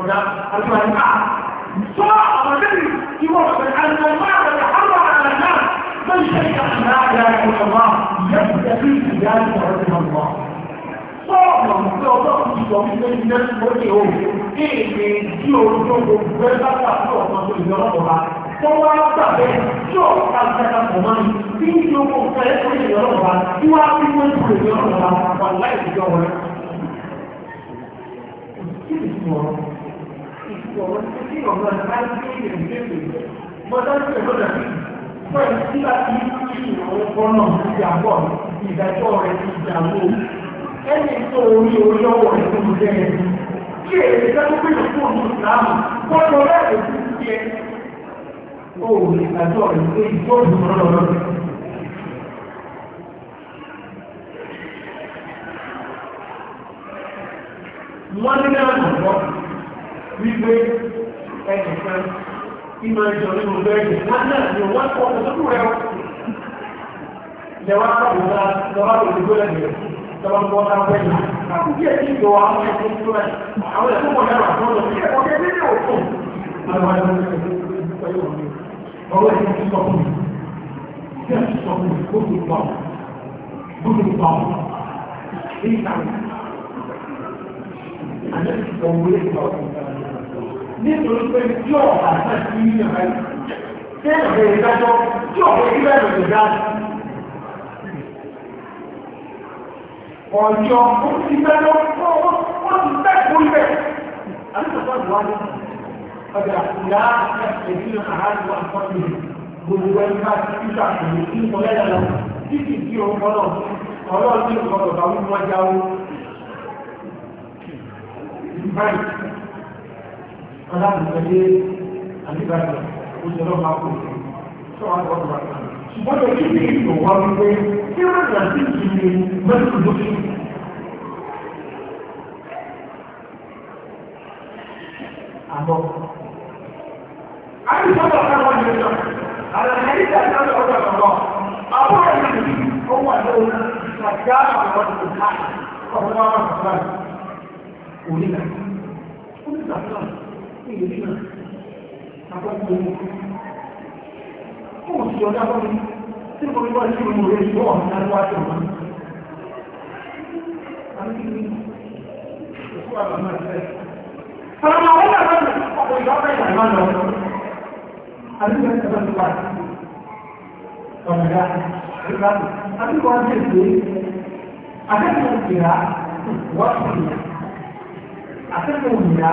ọ̀dà àti àyíká. Sọ àwọn ẹlẹ́rìí tí wọ́n fẹ́ àjọ máa rẹ̀ àwọn àlàdá lórí ṣe ìkàtàlá àgbà ìjọba yẹ́pùtẹ́ bí ìyá ìjọba ti máa wọ̀. Sọ ọ̀nà pé ọlọ́run ti sọ wípé 我们最近我们很安心一点这个，我当时有个人，或者是他第一次我我老师讲过，你在做人你讲过，哎你做我有有我的空间，这人家都会有做你啥，我从来没空间。哦，你在做人，你做什么了？wọ́n ní náà lọ́wọ́ wípé ẹnìkan ìmọ̀ ìjọ nínú bẹ́ẹ̀ni wọ́n náà ni wọ́n kọ́ ọ̀tọ́tún rẹ̀ lẹ́wọ́n kàbùkà lọ́wọ́ òdúgbò lẹ́gbẹ̀ẹ́ lọ́wọ́ tó wọ́n kàbùkà yìí káàkùn díẹ̀ sí ìjọ àwọn ẹ̀kọ́ tó rẹ̀ àwọn ẹ̀kọ́ mọ̀ náà tó lọ sí ẹ̀kọ́ kẹ́ nínú òkú ọwọ́ ẹ̀kọ́ tó sọ fún mi kí ẹ̀kọ́ sọ fún mi kó tó pa gbogbo pa ní ìtàn àná ìtàn wọlé ìtàn nítorí pé tí ọ̀rọ̀ àti àti yíyan báyìí tí ẹ̀rọ ìdájọ́ tí ọ̀rọ̀ ìgbà ẹ̀rọ ìdá ọjọ́ ó ti bẹ́ ó ti bẹ́ kó ibẹ̀ àtúntò ìwà ní ọjà ìyá ẹ̀sìn àhàjù àkọ́kọ́ gbogbo ẹni bá ti fi ṣàkóso ọlọ́ọ̀dún ìkọ̀ọ̀dọ̀ àwọn ọmọ ọjà ó báyìí fọlá nìkẹ́lé àdìbàdàn ó jẹ́ lọ́wọ́ àpò ṣọ́wọ́ àpò ọ̀gbà ṣùgbọ́n tó kí ní ìlò wá wípé kí wọ́n rà sí ìdílé mẹ́tò lókè àbọ̀. àbí sọ́dọ̀ ọ̀gá wọn ni ọjọ́ àlàyé ìjà sọ́dọ̀ ọ̀gá ọ̀gá àbọ̀ ẹ̀yìn ó wà lóhùn ìgbà àwọn ọ̀gá ọ̀gá ọ̀gá ọ̀gá sí Àwọn Akẹ́kọ̀ọ́ ìgbà Akẹ́kọ̀ọ́ ìgbà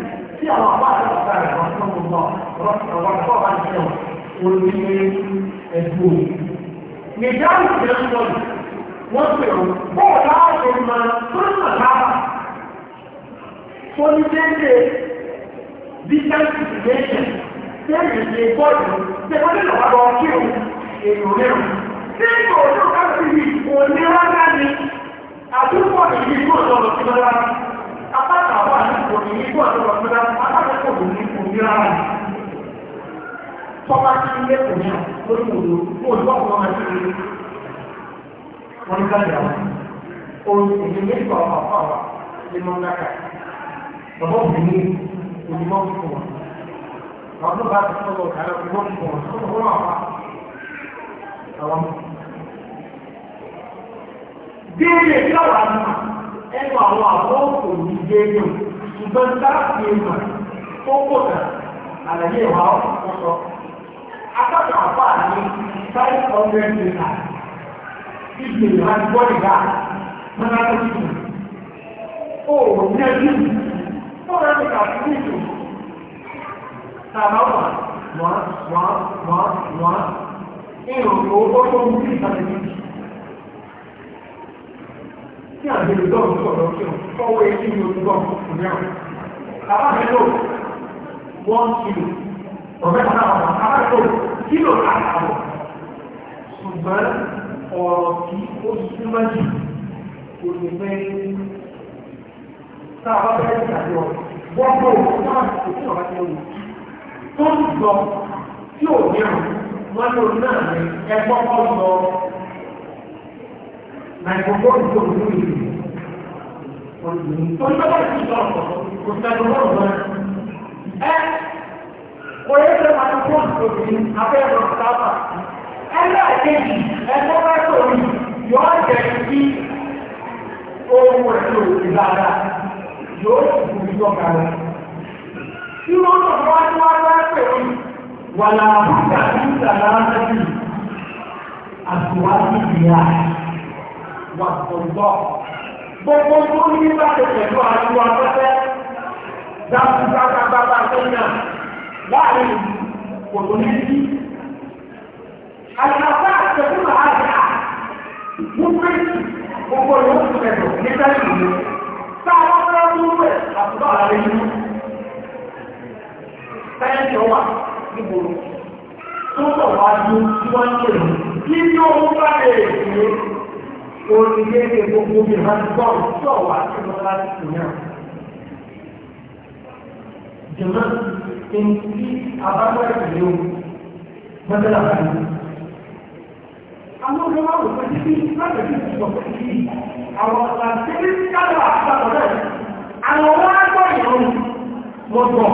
tí àwọn àbá àti ọ̀gá rẹ̀ wọ́n tó ń lọ ọ̀rọ̀ tó bá jẹ́ orí ẹ̀dùn nìjà ìṣẹ́ ń lọ wọ́n pè ó bóò láàṣẹ máa tó ń mọ̀ lábà tó ní déédéé distance situation tẹ́lẹ̀ ṣe bọ́ọ̀lù tẹ́lẹ̀ ṣe lọ́wọ́ lọ kí òun èrò rẹ̀ tí kò tó ká sí òní rárá ni àdúgbò ìlú ìgbò lọ́rọ̀ lọ́wọ́ apáta wà ní òní ní bọ́ọ̀lù ọ̀gbọ́n náà apáta kò ní òní rárá ni. Tọ́lá ti ilé kò ní lórí òdo kó o lọ́kùn ọmọ sí ilé. Wọ́n ní káyọ̀ àwọn oṣù ní méjìlá ọmọ ọ̀pá wa ní Mọ́ńdákà. Bàbá òbí ní onímọ̀ fún wọn. Àwọn tó bá ti sọ̀rọ̀ kàrẹ́ onímọ̀ fún wọn sọ̀rọ̀ wọn àwọn àwọn. Bí ilé ìjọba àná ẹnu àwọn àwọn òní yé ní ṣùgbọ́n dáàbì ìmọ̀ tó kò àlàyé ìwà ọ̀pọ̀ sọ. Akọ́kọ̀ àpá ní five hundred naira ìgbè ìwà ìgbà mọ́nà tó Ó rẹ̀ ní kàtí tí àgbèrè tó ń sọ̀rọ̀ sí ọ̀ ní oṣù bọ̀ kò ní àwọn. Abájẹ́lò wọ́n kìlò ọ̀mẹ́ta náà wà abájẹ́lò kìlò àtàwọ̀. Ṣùgbọ́n ọ̀rọ̀ kí ó sí mẹ́jì kò lè fẹ́ tí ó wù. Tó ń microphone tó ń lórí rẹ̀. Olùdókòwò ti sọ̀rọ̀ kò sẹ́nu lọ́rùn náà. Ẹ kò yẹ kí microphone tó di abẹ́rẹ́ sábà. Ẹgbẹ́ àkejì ẹgbẹ́ bá sọ̀rọ̀ yóò jẹ́ kí ohun ẹ̀sìn ní ìsàlá ánájì àti ìyá wà Gbogbo tó ní bá ti pẹ̀lú àjọ afẹ́fẹ́, dáàbò dáadáa bàbá sẹ́yìn láàrin ìlú kò tó ní sí. Àyàfá àtẹ̀kùn àjà múfẹ́sì gbogbo yóò ẹ̀dọ̀ nígbà ìlú. Sáà wọ́n fẹ́ mú rẹ̀ àtúbọ̀ orí léde gbogbo mi máa ń gbọ́ ìjọ wà sí ọlá tìtù náà. Jùmọ́ ẹni tí abájọ́ ìlú mọ́tẹ́lá bá ní. Àwọn ọmọ wa wò pé títí láti fi sọ pé kí àwọn ọ̀la tí ní káàlà àpapọ̀ náà àwọn wá gbọ́ ìrọ̀rùn wọ́n bọ̀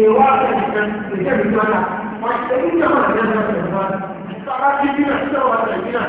èrò àbẹ̀rẹ̀ kan ìjẹ́bí tó náà wọ́n ṣe ń jẹ́ wọn àjẹ́bí náà tẹ̀lé wọn. Sábà kí bí náà ṣe wà tẹ̀lé náà.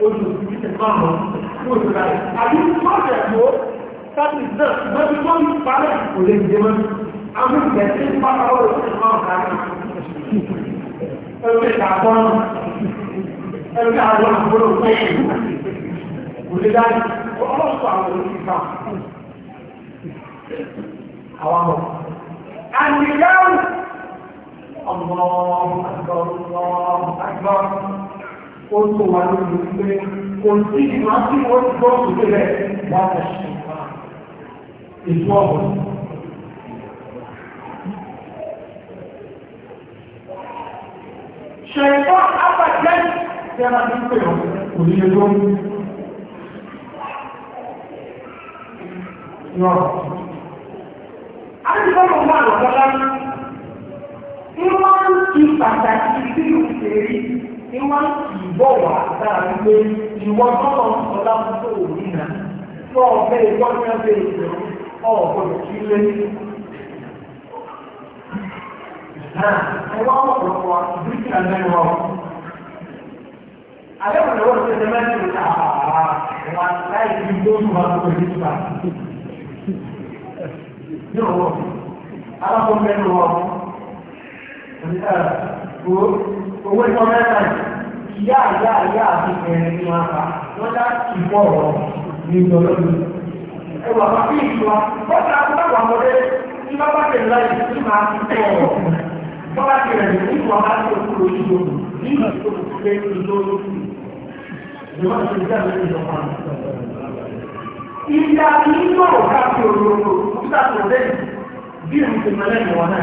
ojú ìpínlẹ̀ márùn-ún fún ìrìnà àbí mọ́ọ̀dẹ̀ tó sábì náà lọ́bí tó ń parẹ́ kò lè jẹ mọ́ àwọn ìgbẹ̀ tí ń pápá ọ̀rọ̀ sí márùn-ún Àníyàn, Allah, Allah, Allah, ó tó wà lórí pé kò sí ìmọ̀ tí wọ́n ti gbọ́ sókè rẹ̀ láti ṣe ìlú ọ̀hún. Ṣèkọ́ àpàjẹ́ tí a máa ń pè ọ́ kò ní ẹjọ́. A ti gbọ́dọ̀ máa lọ́kọ́lá. Irú máa tí wọ́n sì bọ̀ wá dára wípé ìwọ tọ́lọ̀ ń sọ láwùjọ òní náà tó ọ̀fẹ́ ìtọ́jú ẹgbẹ́ ìṣòro ọ̀gbọ̀dọ̀ kí lé ẹwà ọ̀pọ̀lọpọ̀ bíríkì àgbẹ̀rẹ̀ wọn. Àbẹ̀wò lọ́wọ́ ṣe ṣe mẹ́rin ní àbàbà wa láì fi gbóòmù wa lọ́wọ́ ní ìgbà. Yóò wọ̀, alákòóbẹ̀rẹ̀ wọn, oníkàrà wo owó ìfọ́ mẹ́ta ìyá ìyá ìyá àti ẹ̀rẹ̀ ní wọn pa wọ́n dá ìfọ́ ọ̀rọ̀ ní ìjọlọ́dún. ẹ wà wá sí ìfọ́ wọ́n ta báwọn ọmọdé tí wọ́n bá tẹ̀lé láyé tí máa fi tẹ̀ ọ̀rọ̀ wọ́n bá tẹ̀lé rẹ̀ ní ìwọ̀n bá tó kúrò ìjọ ní ìjọba ìjọba ìjọba ìjọba ìjà ní ìjọba káfí òróró kúta tó dé bí ìrìnsè mọ́lẹ́ ìwọ̀n náà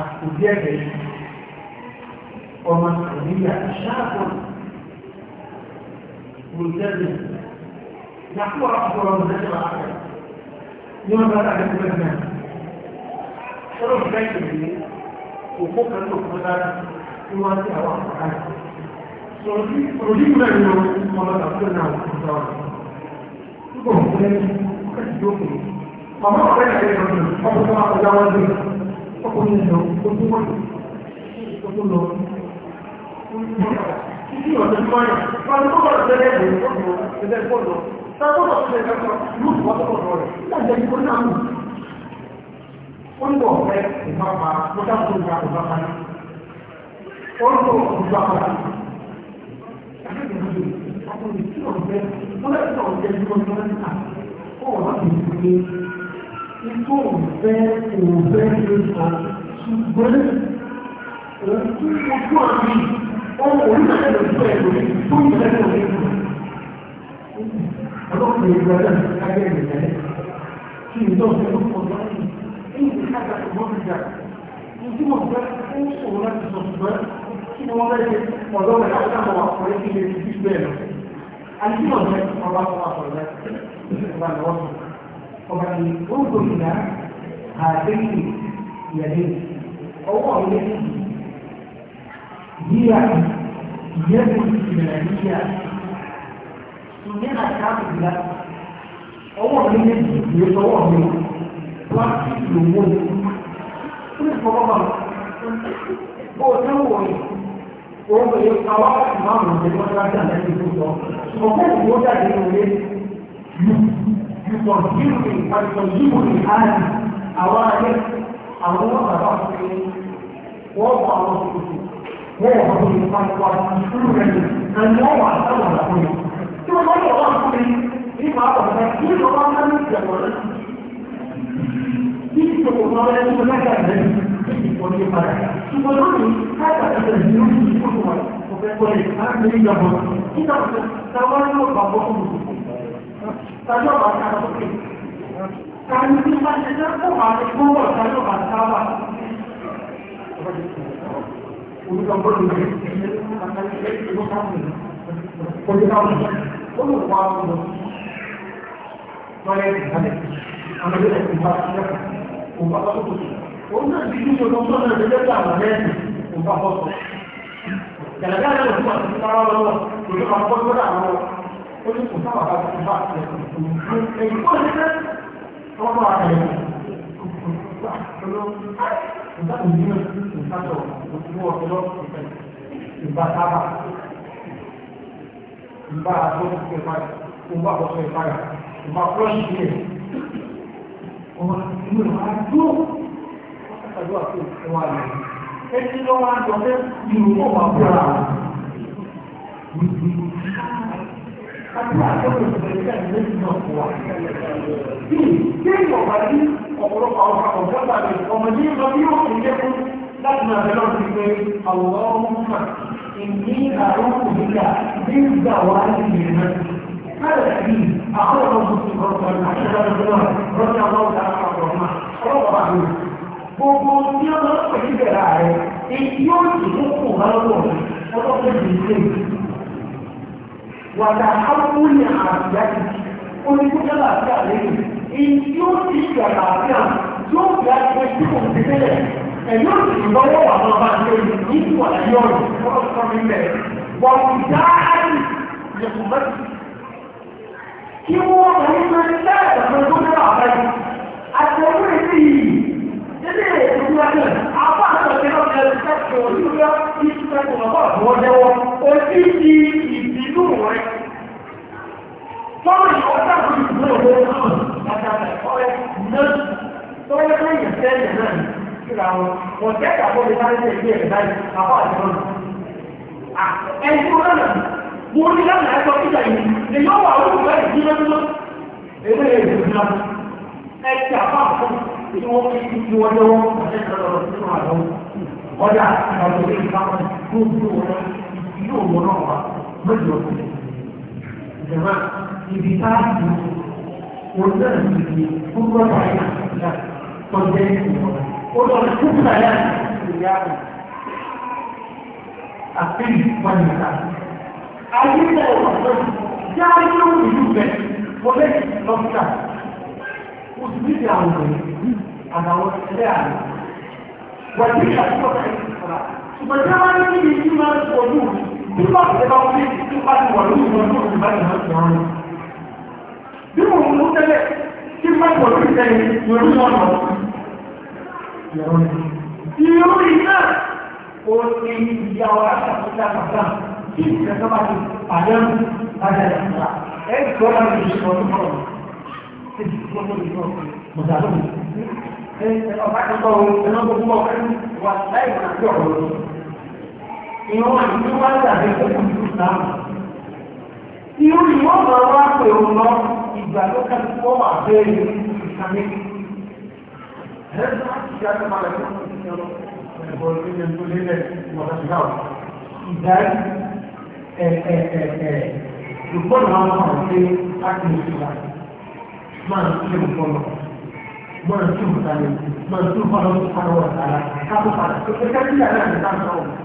àkùkù díẹ̀ bẹ̀rẹ̀ ọmọ ìrìnlẹ̀ ṣáàpọ̀ olùtẹ́lẹ̀ yàtọ̀ àkùkọ̀rọ̀ ọmọdéjọba àkàrà ní wọ́n bá dáadé tó bẹ́ẹ̀ náà sọ́rọ̀ fẹ́ ìrìnlẹ̀ òkú kan tó kọ́ lára tí wọ́n ti àwọn àkàrà sọ̀rọ̀ yìí mẹ́rin lọ ọmọ àkùkọ̀ náà kọ̀ọ̀tà wọn. Nígbà wọn fẹ́ kí ó kẹ́sì tó kù. Ọmọ ọ̀rẹ́ ìrìnlẹ̀ ọmọ ọ̀gá wọn dùn ọkùnrin lọ ojú wá ojú lọ títí ọ̀sẹ̀ tó wáyà wọn ni kókò ọ̀sẹ̀ lẹ́gbẹ̀ẹ́ ìfọ́nù ẹgbẹ́ ìfọ́nù sábọ́n ọ̀sẹ̀ kẹta ló fọ́ sọ́kọ̀ rẹ̀ láti ẹni kó náà mú ó ń bọ̀ ọ̀fẹ́ ìfapá mọ́tà tó ń gba ìfapá ní ó ń bọ̀ ìgbà padà ọkùnrin tí ọ̀fẹ́ mọ́tà tí ọ̀fẹ́ ikú òfẹ́ òfẹ́ nípa ṣùgbọ́n òkú ojú àmì ọmọ orílẹ̀-èdè ojú ẹ̀rọ tó ń bẹ̀rẹ̀ lórí ìlú. ọlọ́pàá ìlú ọjà kájẹ́ ìrẹ̀lẹ̀ kí n tó fẹ́ lọ́pọ̀ lọ́yìn ní ìkájà ìmọ̀lẹ́jà ìdí mọ̀ fẹ́ ó ṣòro láti sọ ṣùgbọ́n kí ni wọ́n fẹ́ ọ̀dọ́ rẹ̀ láti àwọn àkọ́rẹ́ kí lè fi bẹ́ẹ̀ lọ. àti mọ̀ fẹ́ ọ̀gbìn orúkọ ìlà àdéhùn ìyẹ̀lẹ̀ ọwọ́ ilé yíyà ìyẹ́bù ìbẹ̀rẹ̀ yíyà ìyẹn àkáàbù ìlà ọwọ́ ilé ìgbé ọwọ́ mi plastic lówó fún ìfọwọ́bà bó ṣe ń wọ̀nyí òun kò yẹ àwọn àti máa mọ̀ ní wọ́n ti wá sí àlẹ́ ìlú sọ ṣùgbọ́n kó ìwọ́n jáde ní orí yìí yùtọ̀jìrì àtọ̀jìrì àárín àwọn àwọn bàbá pé wọ́n wà wọ́n tó wọ́n wà wọ́n tó wà wà rẹ̀ ní ẹni wọ́n wà sáwọn àlàfo yìí. tí wọ́n wọ́n wà fún mi ní màá fún mi kí ló wá sáré ìjẹ̀wọ̀ rẹ̀ kí ìṣòwò máa wọlé tó lẹ́gà rẹ̀ kí ìṣòwò ní padà. ṣùgbọ́n lónìí káàkiri àtẹ̀lẹ̀ ìlú ìṣòwò wà kò fẹ́ kọ́lé láti ní ìjọba. nígbà tó ta wá ní ọ̀pọ̀ àbọ̀ 咱就把它都给，咱们就算是真不好的工作，咱就把它吧。我们讲不能，咱咱别提供商品，我就告诉你，我有花工作，专业平台的，俺们就得平台上，我把它都不行，我们这必须就能做到人家干了的，我把它做。改革开放以后，你当然了，有这把工作干了。ó ní kò sábà bá ti bá ti ẹ̀sìn èyí tó ń ṣe ọmọ rẹ̀ ìdáhùn ní ìdájọ́ òṣìṣẹ́ ọ̀pọ̀lọ́ ìgbà sábà ìgbà àtọ́ ìṣẹ́ báyìí ìgbà àtọ́ṣẹ́ báyìí ìgbà fúlọ́ọ̀ṣì díẹ̀ ọmọ ìlú àdó àtàdó àti ìwà rẹ̀ ẹni lọ́wọ́ àjọ fẹ́ ìrùkọ́ wà fúra àdúrà ọ̀pọ̀lọpọ̀ àwọn ọ̀gọ́ta rẹ̀ ọmọ ní lọ bí yóò fún lẹ́kún láti máa bẹ̀rẹ̀ lọ́sí pé àwòrán ìní àrùn òmìnira ní ìgbà wa ní ìrìnà. Káyọ̀ sí àwọn ọmọ tuntun ọ̀sán àti ìdánilẹ́ náà lọ́sí wà á hábú ní àbíyá yìí ó ní kó dára sí àlejò èyí tí ó ti gbàgbà àti à tí ó fi àgbẹ̀ tí kò ti tẹ́lẹ̀ ẹ̀yọ́ sì ti lọ́wọ́ wà máa bá ṣe ní ìwà ẹ̀yọ́ rẹ̀ fọ́nà fọ́nà ilẹ̀ wà ó dá àyè lẹ́kùnmẹ́tì kí wọ́n máa ń máa ń dá ìdàgbẹ́ tó dára àbáyé àtẹ̀wé sí i ilé ìdúró náà apá àtọ̀tẹ̀ náà ti ṣe ìṣòro inú rẹ̀ tọ́lù ọ̀dàbọ̀ ìlú ọ̀dọ́ àtàlẹ̀ ọ̀rẹ́ náà tọ́lù tó yẹ sẹ́yìn náà kíra wọn wọ́n jẹ́ kàbọ̀ lè bá lẹ́sẹ̀ ilé ẹ̀ báyìí àbọ̀ àjọ náà ẹni tó lọ́nà mo ní lọ́nà ẹ̀kọ́ kíjà yìí èyí ọ̀wà olùkọ́ ẹ̀ ní lọ́dúnlọ́ ewé ẹ̀ lè nà ẹ̀ ti àbá àkọ́ èyí wọ́n fi ti wọ́n lọ́wọ́ àtẹ́sẹ̀ lọ́dọ̀ sínú àlọ́ ọjà àti àwọn ilé ìfowópamọ́ mọ́jọ́ ìjọba ibi táàbù wọn náà ti di gbogbo àyà ìjà tọ́jú ìjọba ó lọ sí gbogbo àyà ìjà àfẹ́yìn wọn nìta. Ayé ìjọba ọ̀sán yá ayé òkèlú bẹ̀ wọlé lọ́sítà. Oṣù méjì àwọn ọ̀rẹ́ àtàwọn la sua Wà ní ìyàtọ̀ ẹ̀ka. Ṣùgbọ́n tí a bá nígbà tí ẹ bá wọlé tí bá ti wà lórí ìwọ̀n tó ti bá ti hàn wọ́n rẹ̀. bí mo mú tẹ́lẹ̀ tí bá ti wà lórí tẹ́lẹ̀ lórí wọn lọ. ìròyìn náà ó ti ìyá wa ṣàkóso àgbà kí ìṣẹ̀tọ́ bá ti pàdé ọ̀hún láti ẹ̀yà ìgbà ẹ̀ ń tọ́ láti ṣe ọdún mọ́ Mọ̀tàlóhùn. Ẹ ọba kan tọ́ ọ, ẹ náà gbogbo ọ̀fẹ́ wà láì máa gbé ọ̀rọ̀ lọ ìran àti wá tàbí pẹ̀lú ìsìlámù. Irú ìwọ́n máa wá pè ó lọ ìgbà tó kẹ́kẹ́ tó wà bẹ́ẹ̀ ní ìsàmì. Ìdájí ẹ̀ẹ̀ẹ̀ẹ̀ẹ̀ ìgbọ́n náà máa ń ṣe láti ìṣúra máa ń ṣe ìgbọ́n náà máa ń ṣe ìgbọ́n náà máa ń ṣe ìgbọ́n náà máa ń ṣe ìgbọ́n náà máa ń ṣe ìgbọ́n náà máa ń ṣe ìgbọ́n náà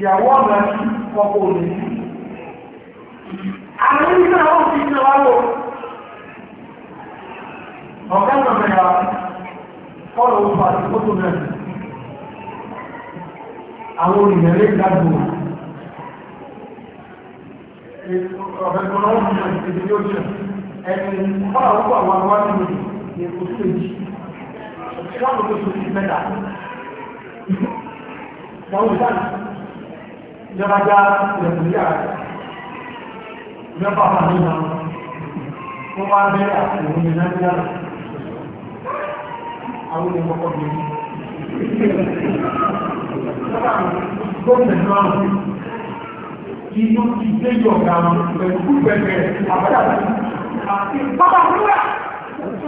ìyàwó ọ̀nà sí ọkọ̀ òní. Àwọn oníṣẹ́ àwọn òfin ṣe wá lò. Ọ̀gá ìjọba ìyá ọ̀rọ̀ òfin àti fótó náà. Àwọn olùyẹ̀ lè dágbò. Ọ̀gá ìjọba ìyá ìdílé yóò jẹ. Ẹni ọ̀rọ̀ òkú àwọn awájú ni èkó sí èjì. Wọ́n lò tó so sí mẹ́ta. Wọ́n lò sáà ìjọba já ìrẹ̀kùn yà rẹ̀ mẹ́fà wà nínú wọ́n wá rí àtìwò ní nàíjíríà àwọn ìwọ̀kọ̀ bí i gómìnà náà inú ìgbéyọ̀ ọ̀gá wọn pẹ̀lú pẹ̀lú àbájáde àti pápá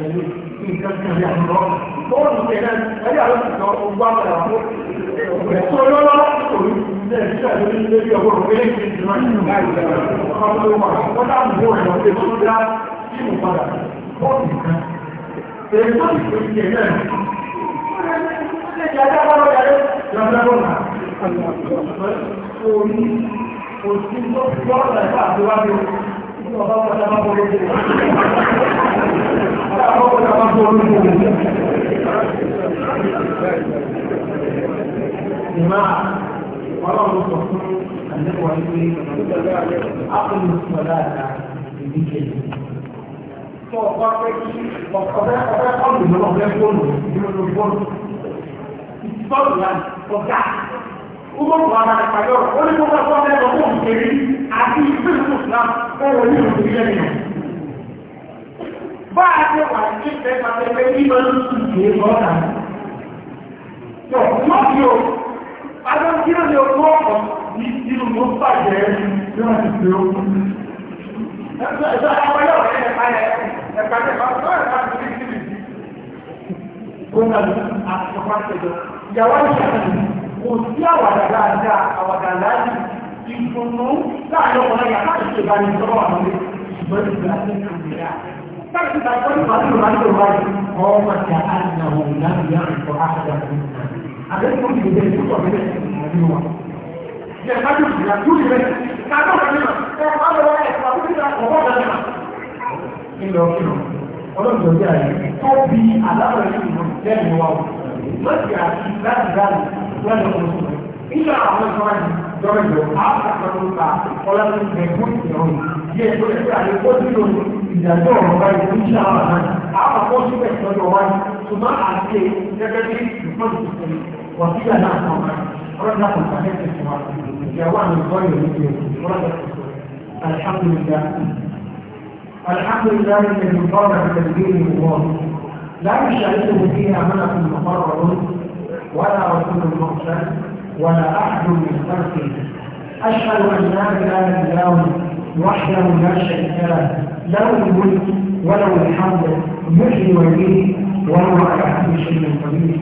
pẹ̀lú nǹkan kan bí àwọn ọ̀rọ̀ bọ́ọ̀lù tẹ̀lé ẹ̀yà ló ti sọ ọgbà padà fún ẹ̀sọ́ lọ́lọ́ òru ilé ìṣẹ́ lórí ilé bí ọgbọ̀n òun ilé ìṣẹ́ ìṣẹ́ láti nù láì ìjọba ọmọ tó wà wọ́n dá mú ọ̀rọ̀ ọ̀rọ̀ tó dá sínú padà bọ́ọ̀lù kan èyí tó ti pèsè ìṣẹ́ náà ó lè jẹ́ Ọlọ́run sọ fún àlẹ́wọ̀n ìwé àpòlù sọ̀dá àdá ìdíje. Tó ọ̀pá pé kí ọ̀pẹ́ ọ̀pẹ́ ọ̀dùn lọ́wọ́ ọ̀pẹ́ fóònù ìrọ̀lù fóònù. Ìfọ́ọ̀lù láti ọ̀gá. Ó mọ̀ fún ara ìpàdé ọ̀rọ̀. Ó ní kó bá fọ́ọ̀lù ẹ̀rọ fóònù kéré àti ìgbésùn náà ó wọlé òkú yẹn nìyẹn bá a ṣe wà ní ìfẹ́ máa lẹ́gbẹ́ ní máa ń sùn ní ọ̀nà. Yọ̀ yóò fi o, adọ́ kí ló lè owó ọ̀pọ̀ ní inú ló bàjẹ́ náà ti fi ó. Ẹ̀sọ́ àwọn yóò rẹ̀ ẹ̀ka ẹ̀ka ẹ̀ka ọ̀sọ́ ẹ̀ka ti fi sí ìdí. Gómìnà àtọ̀pá ṣẹjọ, ìyàwó ìṣẹ̀lẹ̀ kò sí àwàdà dáadáa, àwàdà láàyè, ìgbòho láàárín ọkùnrin yàtọ̀ ìṣèbánisọ́rọ̀ àwọn ìgbẹ́ Tapi kita pun masih masih lagi. Oh, maka anda mengenal yang berada di Ada yang mungkin jadi itu apa ini? Semua. Ya, tapi ya, tuh ini. Kalau kita, kalau ada orang yang selalu kita ngomong dari mana? Ini loh, ini loh. Orang jadi aja. Kopi ada orang yang jadi wow. Masih ada kita dan kita yang musuh. Ini adalah orang yang jọ́jọ́ àtàkọ́lùkà ọlọ́pẹ̀ fún ìrọ̀rùn díẹ̀ tó lè fẹ́ àlékọ́ nílò ìdájọ́ ọ̀rọ̀ báyìí fún iṣẹ́ àwọn àná àpapọ̀ síbẹ̀ ìtọ́jọ́ wáyé ṣùgbọ́n àti gẹ́gẹ́ bí ìfọ́jú tuntun wàsílà náà kan máa ọlọ́dún àpò ìpàdé ti wà ìyàwó àmì ìgbọ́yọ̀ níbi ìrọ̀lẹ́ alhamdulillah alhamdulillah ní ẹni bọ́ọ̀lù àti ẹgbẹ́ ìwọ̀ láì ṣàlẹ́ ولا أحد من خلقه أشهد أن لا إله إلا الله وحده لا شريك له له الملك وله الحمد يحيي ويميت وهو على كل شيء قدير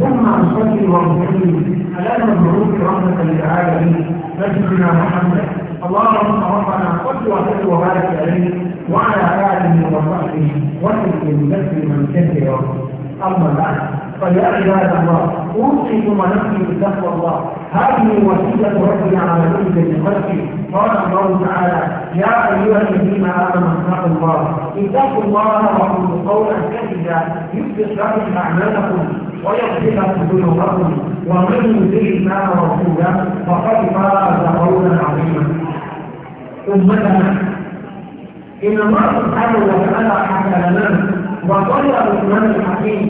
ثم أصلي واصلي على مبروك رحمة للعالمين نبينا محمد اللهم ربنا قد وسلم وبارك عليه وعلى آله وصحبه وسلم تسليما كثيرا أما بعد فيا عباد الله اوصيكم ونفسي بتقوى الله هذه وسيله ربنا على كل خلق قال الله تعالى يا ايها الذين امنوا اتقوا الله اتقوا الله وقولوا قولا سديدا يصلح لكم اعمالكم ويغفر لكم ذنوبكم ومن يطع الله ورسوله فقد فاز قولا عظيما امتنا ان الله سبحانه وتعالى حكى لنا وقال القران الحكيم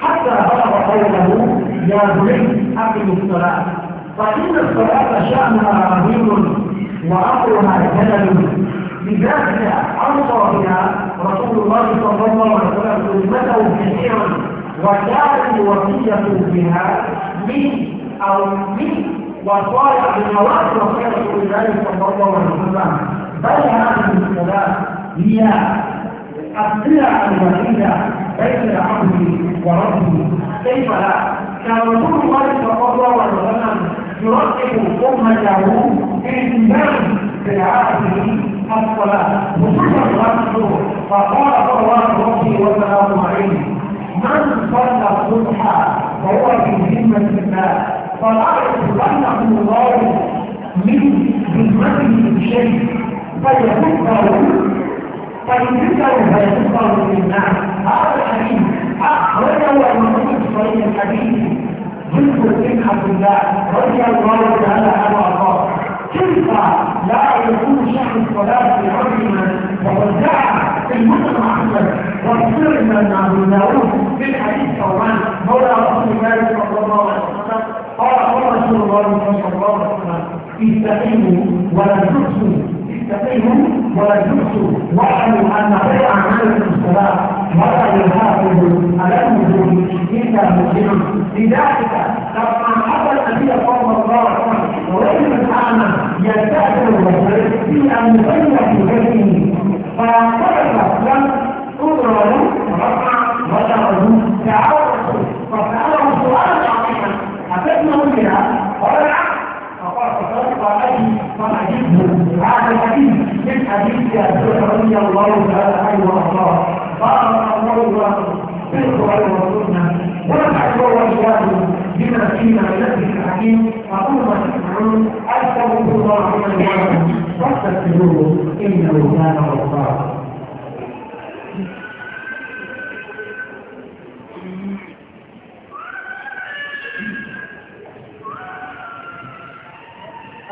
حتى بلغ قوله يا بني أقم الصلاة فإن الصلاة شأنها عظيم وأمرها جلل لذلك أوصى بها رسول الله صلى الله عليه وسلم أمته كثيرا وكانت الوصية بها من أو من وصايا بنوات وصية رسول الله صلى الله عليه وسلم بل هذه الصلاة هي السلع الوحيدة بين العبد وربه كيف لا كان رسول الله صلى الله عليه وسلم يرتب امته بالاهتمام بعهده الصلاه خصوصا صلاه الظهر فقال صلوات ربي وسلامه عليه من صلى الصبح فهو في ذمه الله فلا يحرمه الله من ذمته شيء فيكفر فإن ذكروا فيذكروا بالنعم هذا الحديث أخرجه المسلم في صحيح الحديث جزء من عبد الله رضي الله تعالى عنه كيف لا يكون شهر الصلاة في عمرنا ووزع في المسلم أحمد وكثير من أبو في الحديث ثوبان مولى رسول الله صلى الله عليه وسلم قال رسول الله صلى الله عليه وسلم استقيموا ولا تحسنوا تقيهم ولا تنسوا واعلموا ان غير اعمالكم الصلاه ولا يحافظ على الوجود الا مسلم لذلك لما حصل الامير قوم الله عليه وسلم ورجل الاعمى يستاثر الرجل في ان يغير في بيته فاعترف لم تضرب رفع ولا عدو فساله سؤالا عظيما اتتنا بها قال نعم فقال فقال فاجبه هذا حديث رضي الله تعالى عنه وارضاه قال الله بالقران والسنه ونفعل واياكم بما فيما ياتي الحكيم اقول ما تسمعون استغفر الله لمن ولكم واستغفروه انه كان غفارا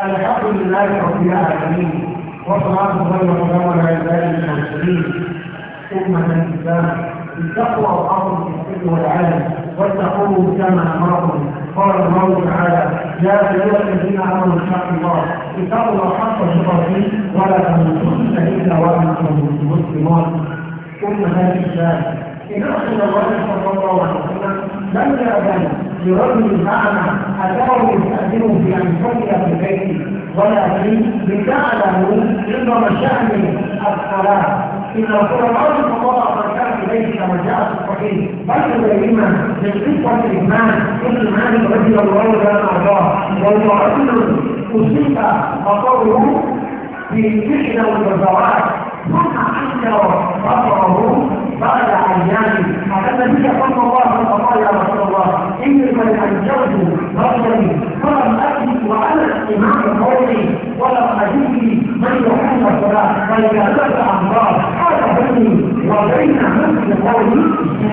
الحمد لله رب العالمين وصلاة غير مدور عباد المرسلين ثم الانتباه بالتقوى والامر بالسر والعلم واتقوه كما امركم قال الله تعالى يا ايها الذين امنوا اتقوا الله اتقوا الله حق تقاته ولا تموتن الا وانتم مسلمون ثم الانتباه إن رسول الله صلى الله عليه وسلم لم يأذن لرجل أعمى أتاه يستأذنه بأن صلي في بيته ولكن لتعلموا عظم شأن الصلاة إن رسول الله صلى الله عليه وسلم إليه كما جاء في الصحيح بل دائما من قصة الإمام ابن مالك رضي الله تعالى عنه وهو رجل أصيب خطره في إحدى ثم حجر بصره بعد ايام حتى النبي صلى الله عليه وسلم قال يا رسول الله اني قد حجرت رجلي فلم اجد وانا امام قومي ولم اجد من يقوم الصلاه فيكلف امراض هذا بيني وبين مثل قولي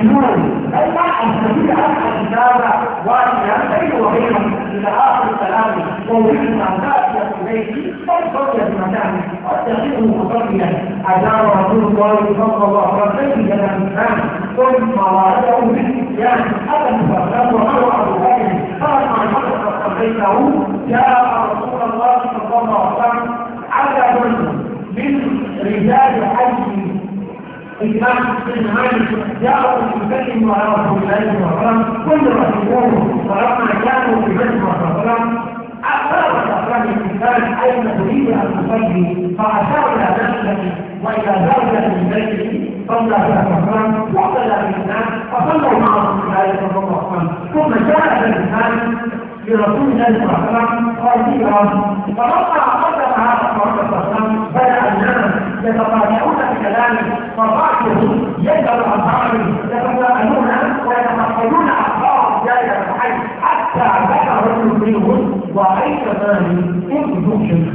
سنون الا ان تزيد الكتاب وانا بيني وبينهم الى اخر كلامي ووحي البيت فقط يسمعان التحقيق المتقيا رسول الله صلى الله عليه وسلم إلى الإسلام ثم وعده بالإسلام أتى المفرد وروى أبو بكر فلما حقق بيته جاء رسول الله صلى الله عليه وسلم عدد من رجال حجه الإمام بن مالك جاءوا في بيت وعرفوا الله وسلم كل رسوله فلما كانوا في بيت فأشار الأفراد الكفار أين تريد أن تصلي فأشار إلى نفسه وإلى زوجة من بيته صلى الرحمن وصلى الإنسان فصلوا معه ذلك صلى الله عليه ثم جاء الإنسان لرسول الله صلى الله عليه وسلم قصيرا فلما قدم هذا الرسول صلى الله عليه بدأ الناس يتطالعون بكلامه فبعضهم يجعل أصحابه يتساءلون ويتفقدون تعبان رجل فيهم ضعيف مالي ابن شيخ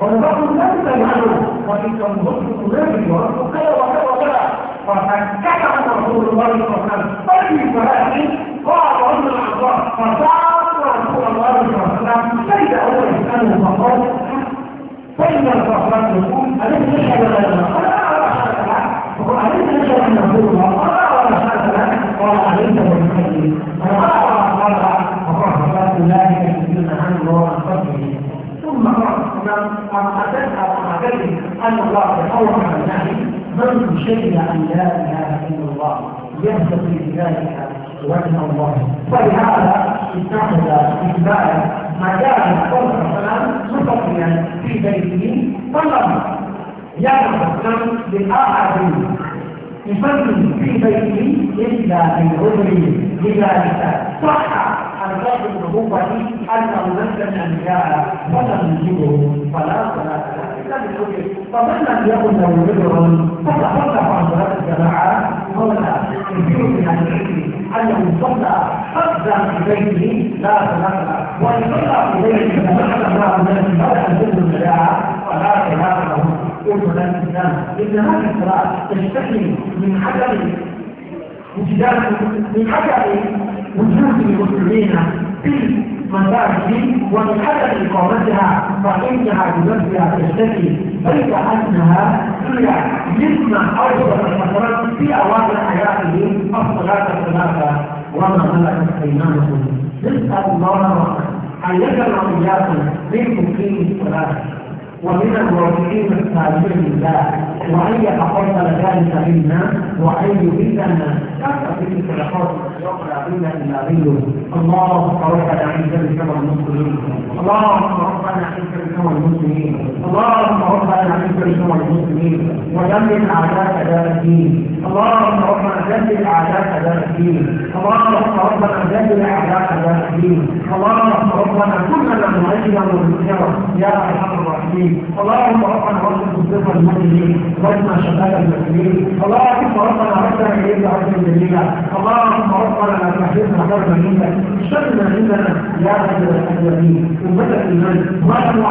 والرجل لم يعلم وان تنظر النبي وربك وكذا وكذا فسكت رسول الله صلى الله عليه وسلم طيب فلاحي قال عمر الانصار فسال رسول الله صلى الله عليه وسلم كيف هو يساله فقال طيب فإن الرحمن يقول أليس نشهد لنا قال أنا أشهد لك وقال أليس نشهد أن نقول الله قال أنا أشهد لك قال أليس بالخير أعتقد أن الله تحرم عن النهي من شهد أن لا إله إلا الله يهتدي بذلك وجه الله ولهذا اتخذ اتباعا مكان الرسول صلى الله عليه وسلم مصليا في بيته فلم يعرف لأحد يصلي في بيته إلا بالعذر لذلك صح الرد النبوة أنه ليس من الأنبياء ولا يجبه فلا صلاة له إلا بالحجة فمن لم يكن له ذكر فتخلف عن صلاة الجماعة ولا كثير من العلم أنه صلى حتى في بيته لا صلاة وإن صلى إليه فدخل الله من بدأ الجن الجماعة فلا صلاة له قلت لك إن هذه الصلاة تشتكي من حجر من حجر وجود المسلمين في المساجد ومن عدم إقامتها فإنها بنفسها تشتكي بيت أنها هي مما أوجب المسلمين في أوائل حياته الصلاة الثلاثة وما ملكت أيمانكم نسأل الله أن يجعل إياكم من مقيم الصلاة ومن الواقعين الصالحين لله وأن يتقبل ذلك منا وأن يريدنا تحت في الصلاه اللهم ربنا عز بك دار الدين اللهم ربنا دمر اعداءك دار الدين اللهم ربنا دمر اعداءك دار الدين يا ارحم الراحمين اللهم ربنا ربنا تصدق المسلمين واجمع شباب المسلمين اللهم ربنا ربنا اليك عز وجل اللهم ربنا ربنا تحرمنا درجة منك شرنا عندنا يا رب العالمين أمة الإيمان ما كانوا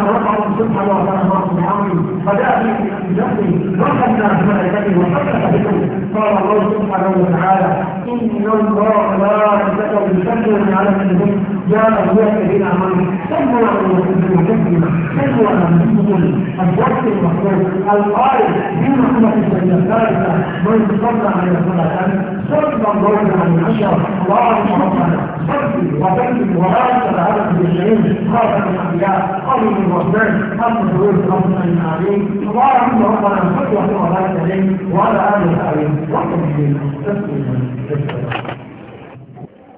سبحانه وتعالى سبحانه بدأ في جهده وحتى ملائكته وحتى بكم قال الله سبحانه وتعالى إن الله لا يتكلم بشكل على النبي يا أولئك الذين آمنوا سلوا على المسلمين وكفروا سلوا على المسلمين الوقت المخلوق القائل بما كنا في السنة الثالثة من صلى على صلاة صلى الله عليه عشر اللهم ربنا صلي وبلغ وبارك على هذا الشيخ خاتم الأنبياء قوي الرحمن خاتم الرسول خاتم العليم اللهم ربنا صلي وبارك عليه وعلى آله وصحبه وسلم تسليما